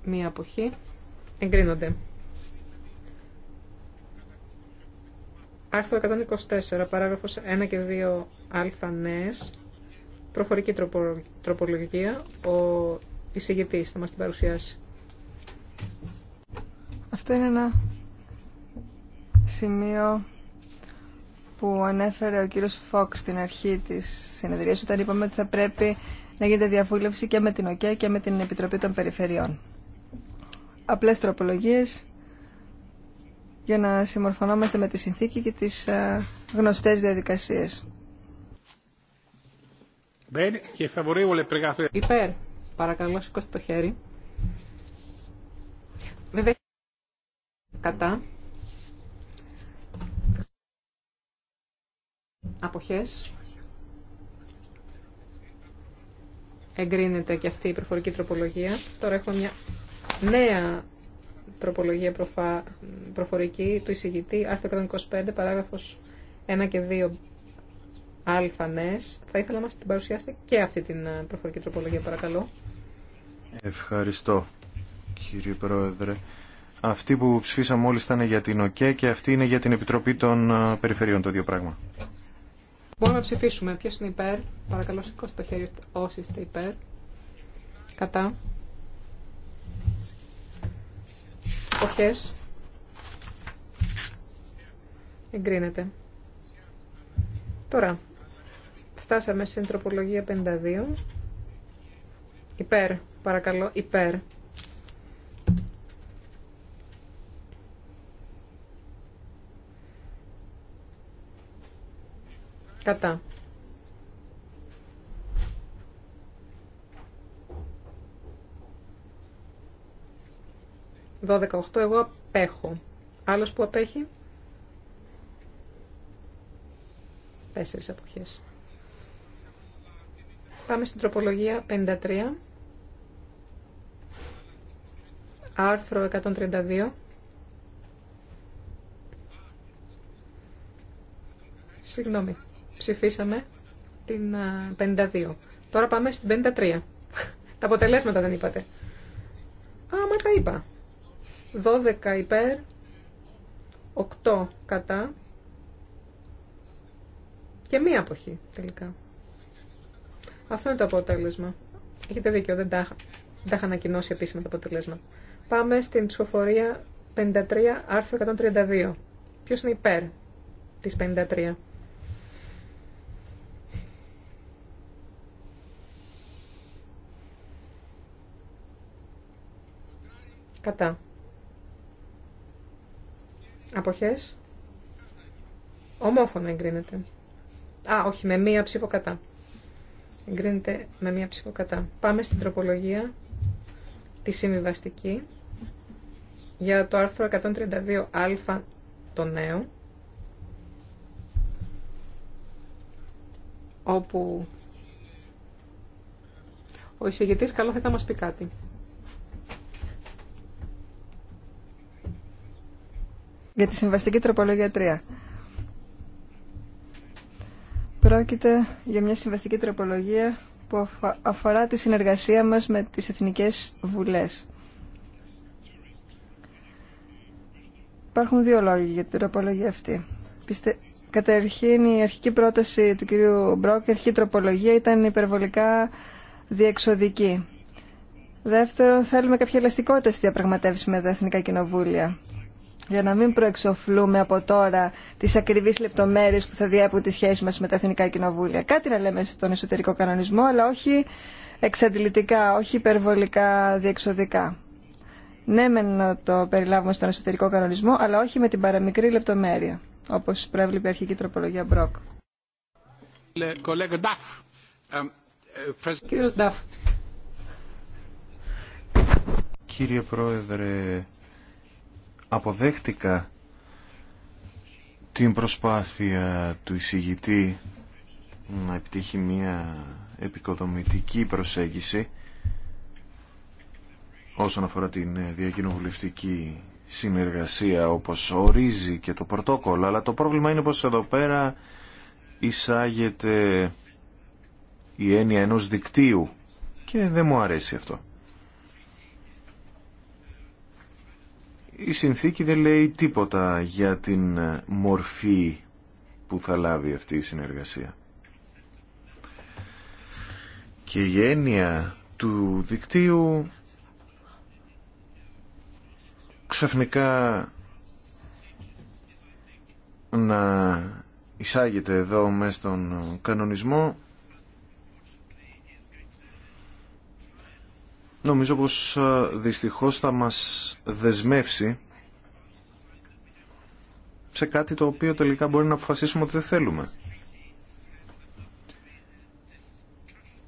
μία αποχή, εγκρίνονται. Άρθρο 124, παράγραφος 1 και 2 αλφανές προφορική τροπολογία, ο εισηγητής θα μας την παρουσιάσει. Αυτό είναι ένα σημείο που ανέφερε ο κύριος Φόξ στην αρχή της συνεδρίας όταν είπαμε ότι θα πρέπει να γίνεται διαβούλευση και με την ΟΚΕ και με την Επιτροπή των Περιφερειών. Απλές τροπολογίες για να συμμορφωνόμαστε με τη συνθήκη και τις ε, γνωστές διαδικασίες. Υπέρ. Παρακαλώ, σηκώστε το χέρι. Βέβαια, κατά. Αποχές. Εγκρίνεται και αυτή η προφορική τροπολογία. Τώρα έχουμε μια νέα τροπολογία προφα... προφορική του εισηγητή, άρθρο 125, παράγραφος 1 και 2 αλφανές. Θα ήθελα να μας την παρουσιάσετε και αυτή την ε, προφορική τροπολογία, παρακαλώ. Ευχαριστώ, κύριε Πρόεδρε. Αυτή που ψηφίσαμε μόλις ήταν για την ΟΚΕ και αυτή είναι για την Επιτροπή των ε, Περιφερειών, το δύο πράγμα. Μπορούμε να ψηφίσουμε. ποιο είναι υπέρ. Παρακαλώ σηκώστε το χέρι όσοι είστε υπέρ. Κατά. Οχές. Εγκρίνεται. Τώρα, φτάσαμε στην τροπολογία 52. Υπέρ, παρακαλώ, υπέρ. Κατά. Δώδεκα Εγώ απέχω. Άλλος που απέχει. Τέσσερις αποχές. Πάμε στην τροπολογία 53. Άρθρο 132. Συγγνώμη ψηφίσαμε την 52. Τώρα πάμε στην 53. Τα αποτελέσματα δεν είπατε. Α, μα τα είπα. 12 υπέρ, 8 κατά και μία αποχή τελικά. Αυτό είναι το αποτέλεσμα. Έχετε δίκιο, δεν τα, δεν τα είχα ανακοινώσει επίσημα τα αποτέλεσμα. Πάμε στην ψηφοφορία 53 άρθρο 132. Ποιος είναι υπέρ της 53. Κατά. Αποχές. Ομόφωνα εγκρίνεται. Α, όχι, με μία ψήφο κατά. Εγκρίνεται με μία ψήφο κατά. Πάμε στην τροπολογία τη συμβιβαστική για το άρθρο 132α το νέο όπου ο εισηγητής καλό θα ήταν μας πει κάτι. για τη συμβαστική τροπολογία 3. Πρόκειται για μια συμβαστική τροπολογία που αφορά τη συνεργασία μας με τις Εθνικές Βουλές. Υπάρχουν δύο λόγοι για την τροπολογία αυτή. Πιστε... Καταρχήν η αρχική πρόταση του κυρίου Μπρόκ, η αρχική τροπολογία ήταν υπερβολικά διεξοδική. Δεύτερον, θέλουμε κάποια ελαστικότητα στη διαπραγματεύση με τα Εθνικά Κοινοβούλια για να μην προεξοφλούμε από τώρα τις ακριβεί λεπτομέρειες που θα διέπουν τη σχέση μας με τα εθνικά κοινοβούλια. Κάτι να λέμε στον εσωτερικό κανονισμό, αλλά όχι εξαντλητικά, όχι υπερβολικά διεξοδικά. Ναι, με να το περιλάβουμε στον εσωτερικό κανονισμό, αλλά όχι με την παραμικρή λεπτομέρεια, όπω προέβλεπε η αρχική τροπολογία Μπροκ. Κύριε ε, Πρόεδρε, αποδέχτηκα την προσπάθεια του εισηγητή να επιτύχει μια επικοδομητική προσέγγιση όσον αφορά την διακοινοβουλευτική συνεργασία όπως ορίζει και το πρωτόκολλο αλλά το πρόβλημα είναι πως εδώ πέρα εισάγεται η έννοια ενός δικτύου και δεν μου αρέσει αυτό. Η συνθήκη δεν λέει τίποτα για την μορφή που θα λάβει αυτή η συνεργασία. Και η έννοια του δικτύου ξαφνικά να εισάγεται εδώ μέσα στον κανονισμό νομίζω πως ε, δυστυχώς θα μας δεσμεύσει σε κάτι το οποίο τελικά μπορεί να αποφασίσουμε ότι δεν θέλουμε.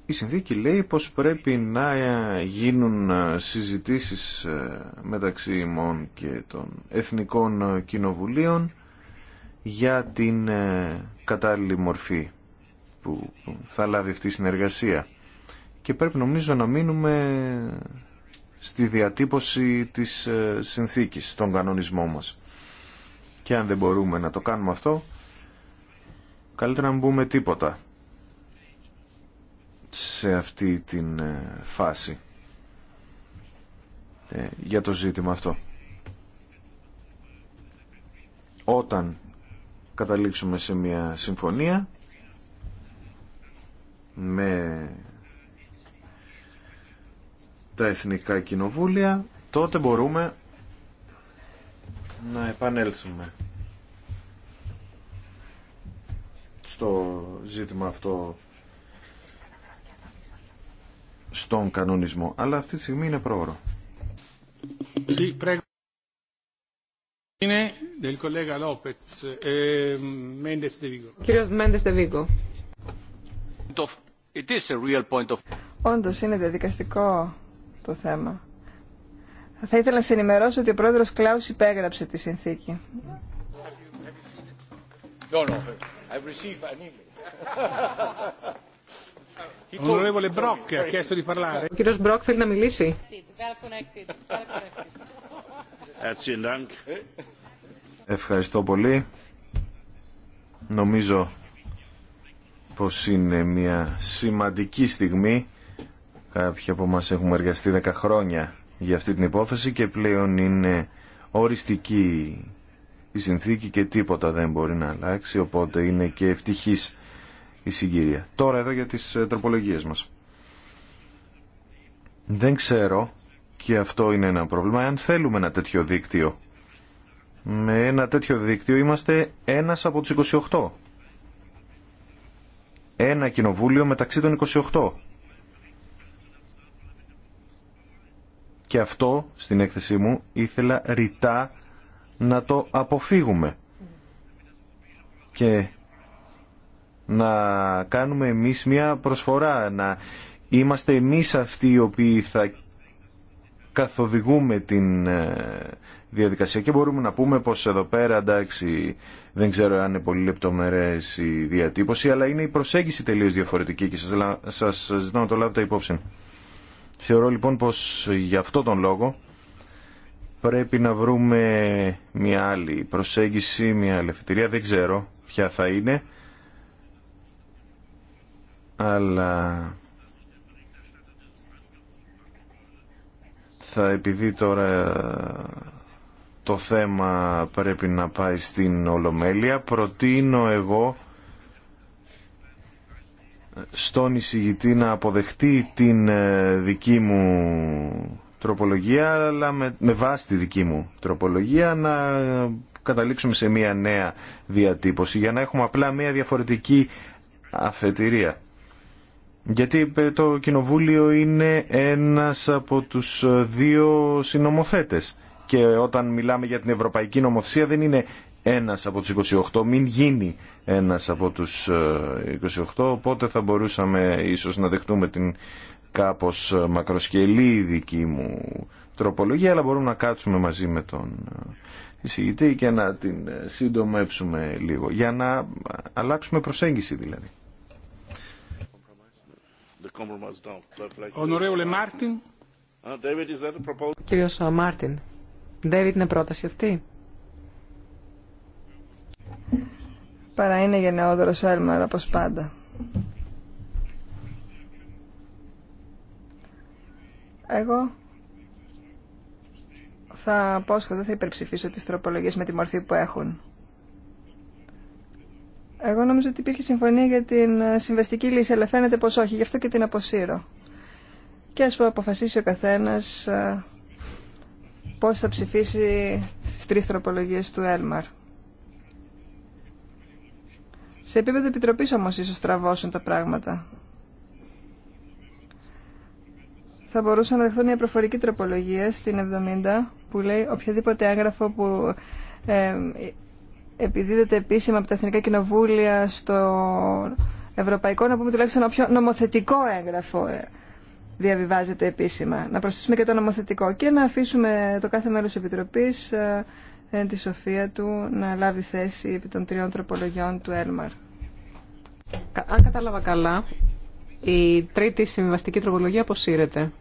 Η συνθήκη λέει πως πρέπει να ε, γίνουν ε, συζητήσεις μεταξύ ημών και των εθνικών κοινοβουλίων για την κατάλληλη μορφή που θα λάβει αυτή η συνεργασία και πρέπει νομίζω να μείνουμε στη διατύπωση της ε, συνθήκης, των κανονισμό μας. Και αν δεν μπορούμε να το κάνουμε αυτό, καλύτερα να μην πούμε τίποτα σε αυτή την ε, φάση ε, για το ζήτημα αυτό. Όταν καταλήξουμε σε μια συμφωνία με τα εθνικά κοινοβούλια, τότε μπορούμε να επανέλθουμε στο ζήτημα αυτό στον κανονισμό. Αλλά αυτή τη στιγμή είναι πρόωρο. Ε, Κύριος Μέντες Τεβίγκο. Όντως είναι διαδικαστικό το θέμα. Θα ήθελα να σε ενημερώσω ότι ο πρόεδρος Κλάους υπέγραψε τη συνθήκη. Ο κύριος Μπροκ θέλει να μιλήσει. Ευχαριστώ πολύ. Νομίζω πως είναι μια σημαντική στιγμή Κάποιοι από μας έχουμε εργαστεί 10 χρόνια για αυτή την υπόθεση και πλέον είναι οριστική η συνθήκη και τίποτα δεν μπορεί να αλλάξει, οπότε είναι και ευτυχής η συγκυρία. Τώρα εδώ για τις ε, τροπολογίες μας. Δεν ξέρω, και αυτό είναι ένα πρόβλημα, αν θέλουμε ένα τέτοιο δίκτυο. Με ένα τέτοιο δίκτυο είμαστε ένας από τους 28. Ένα κοινοβούλιο μεταξύ των 28. και αυτό στην έκθεσή μου ήθελα ρητά να το αποφύγουμε και να κάνουμε εμείς μια προσφορά, να είμαστε εμείς αυτοί οι οποίοι θα καθοδηγούμε την ε, διαδικασία και μπορούμε να πούμε πως εδώ πέρα εντάξει δεν ξέρω αν είναι πολύ λεπτομερές η διατύπωση αλλά είναι η προσέγγιση τελείως διαφορετική και σας, σας ζητώ να το λάβετε υπόψη. Θεωρώ λοιπόν πως για αυτό τον λόγο πρέπει να βρούμε μια άλλη προσέγγιση, μια άλλη Δεν ξέρω ποια θα είναι, αλλά θα επειδή τώρα το θέμα πρέπει να πάει στην Ολομέλεια, προτείνω εγώ στον εισηγητή να αποδεχτεί την ε, δική μου τροπολογία αλλά με, βάση τη δική μου τροπολογία να καταλήξουμε σε μια νέα διατύπωση για να έχουμε απλά μια διαφορετική αφετηρία. Γιατί ε, το Κοινοβούλιο είναι ένας από τους ε, δύο συνομοθέτες και όταν μιλάμε για την Ευρωπαϊκή Νομοθεσία δεν είναι ένας από τους 28, μην γίνει ένας από τους 28, ε, οπότε θα μπορούσαμε ίσως να δεχτούμε την κάπως ε, μακροσκελή δική μου τροπολογία, αλλά μπορούμε να κάτσουμε μαζί με τον ε, εισηγητή και να την σύντομεύσουμε λίγο, για να αλλάξουμε προσέγγιση δηλαδή. Ονορέουλε Μάρτιν. Κύριος Μάρτιν, Ντέβιτ είναι πρόταση αυτή. παρά είναι γενναιόδωρος ο Έλμαρ όπως πάντα. Εγώ θα πώς δεν θα υπερψηφίσω τις τροπολογίες με τη μορφή που έχουν. Εγώ νομίζω ότι υπήρχε συμφωνία για την συμβαστική λύση, αλλά φαίνεται πως όχι, γι' αυτό και την αποσύρω. Και ας αποφασίσει ο καθένας ε, πώς θα ψηφίσει στις τρεις τροπολογίες του Έλμαρ. Σε επίπεδο επιτροπή όμω ίσω τραβώσουν τα πράγματα. Θα μπορούσαν να δεχθούν μια προφορική τροπολογία στην 70 που λέει οποιαδήποτε έγγραφο που ε, επιδίδεται επίσημα από τα Εθνικά Κοινοβούλια στο Ευρωπαϊκό, να πούμε τουλάχιστον όποιο νομοθετικό έγγραφο ε, διαβιβάζεται επίσημα. Να προσθέσουμε και το νομοθετικό και να αφήσουμε το κάθε μέρος της Επιτροπής ε, εν τη σοφία του να λάβει θέση επί των τριών τροπολογιών του Έλμαρ. Αν κατάλαβα καλά, η τρίτη συμβιβαστική τροπολογία αποσύρεται.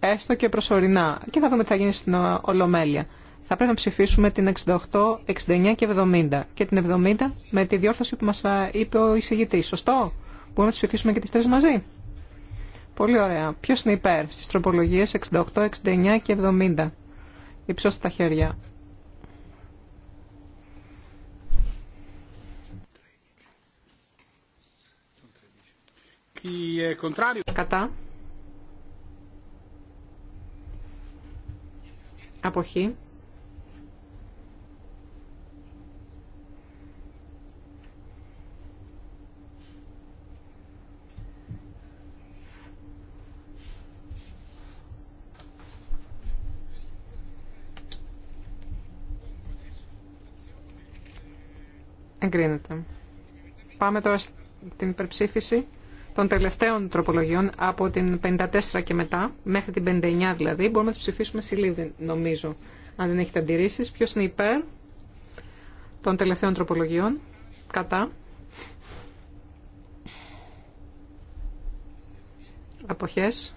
Έστω και προσωρινά. Και θα δούμε τι θα γίνει στην Ολομέλεια. Θα πρέπει να ψηφίσουμε την 68, 69 και 70. Και την 70 με τη διόρθωση που μας είπε ο εισηγητής. Σωστό? Μπορούμε να τις ψηφίσουμε και τις τρεις μαζί. Πολύ ωραία. Ποιος είναι υπέρ στις τροπολογίες 68, 69 και 70. Υψώστε τα χέρια. Κατά. Αποχή. Εγκρίνεται. Πάμε τώρα στην υπερψήφιση των τελευταίων τροπολογιών από την 54 και μετά, μέχρι την 59 δηλαδή. Μπορούμε να τις ψηφίσουμε σελίδι, νομίζω, αν δεν έχετε αντιρρήσει. Ποιο είναι υπέρ των τελευταίων τροπολογιών, κατά. Αποχές.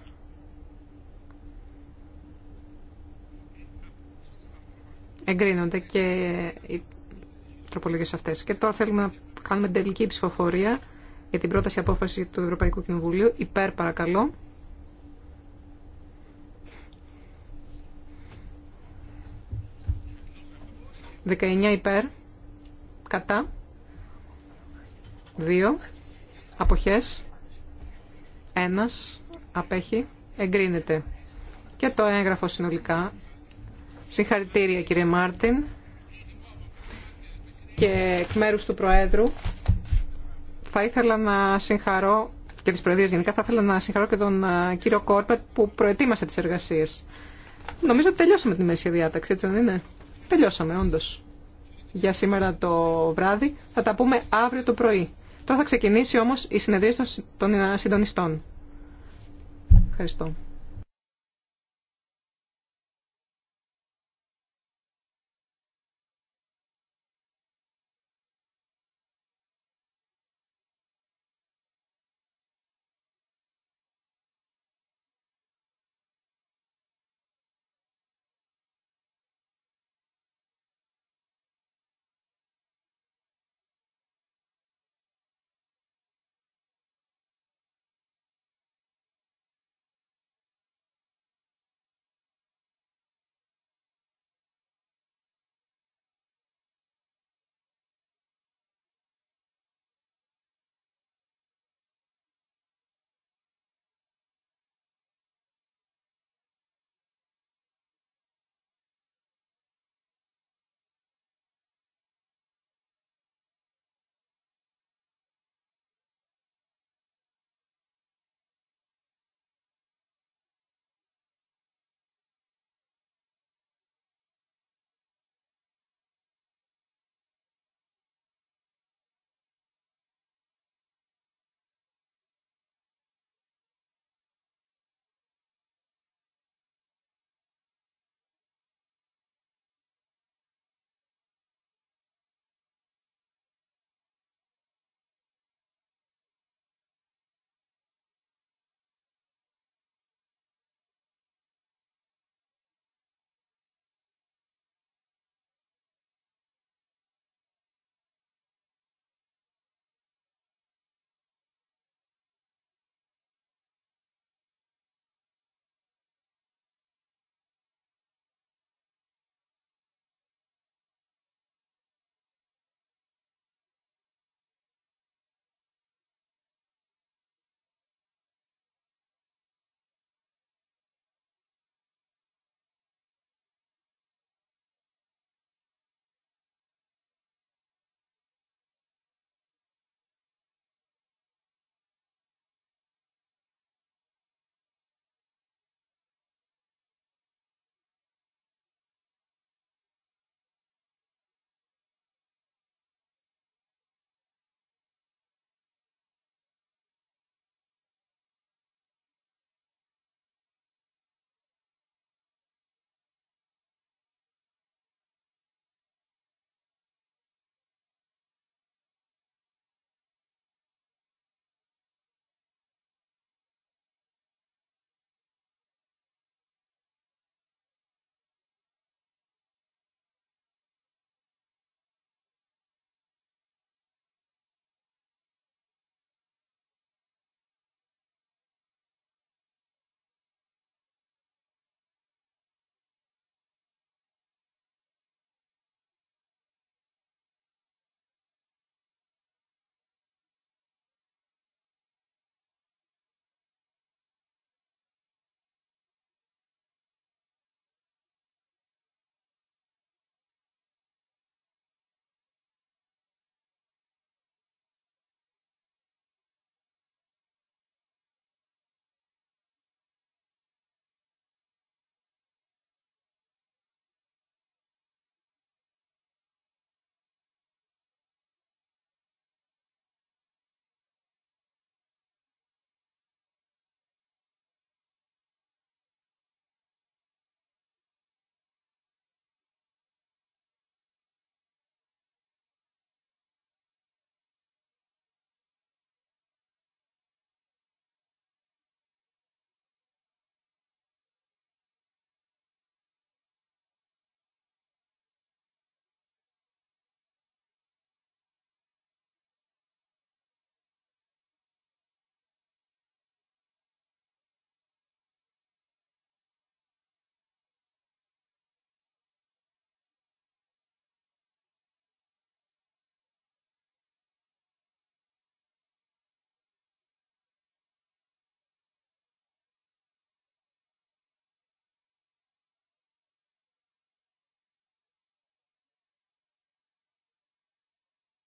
Εγκρίνονται και τροπολογίες αυτές. Και τώρα θέλουμε να κάνουμε τελική ψηφοφορία για την πρόταση απόφαση του Ευρωπαϊκού Κοινοβουλίου. Υπέρ παρακαλώ. 19 υπέρ. Κατά. Δύο. Αποχές. Ένας. Απέχει. Εγκρίνεται. Και το έγγραφο συνολικά. Συγχαρητήρια κύριε Μάρτιν και εκ μέρου του Προέδρου θα ήθελα να συγχαρώ και τις Προεδρίας γενικά, θα ήθελα να συγχαρώ και τον κύριο Κόρπετ που προετοίμασε τις εργασίες. Νομίζω ότι τελειώσαμε την μέση διάταξη, έτσι δεν είναι. Τελειώσαμε, όντως. Για σήμερα το βράδυ θα τα πούμε αύριο το πρωί. Τώρα θα ξεκινήσει όμως η συνεδρία των συντονιστών. Ευχαριστώ.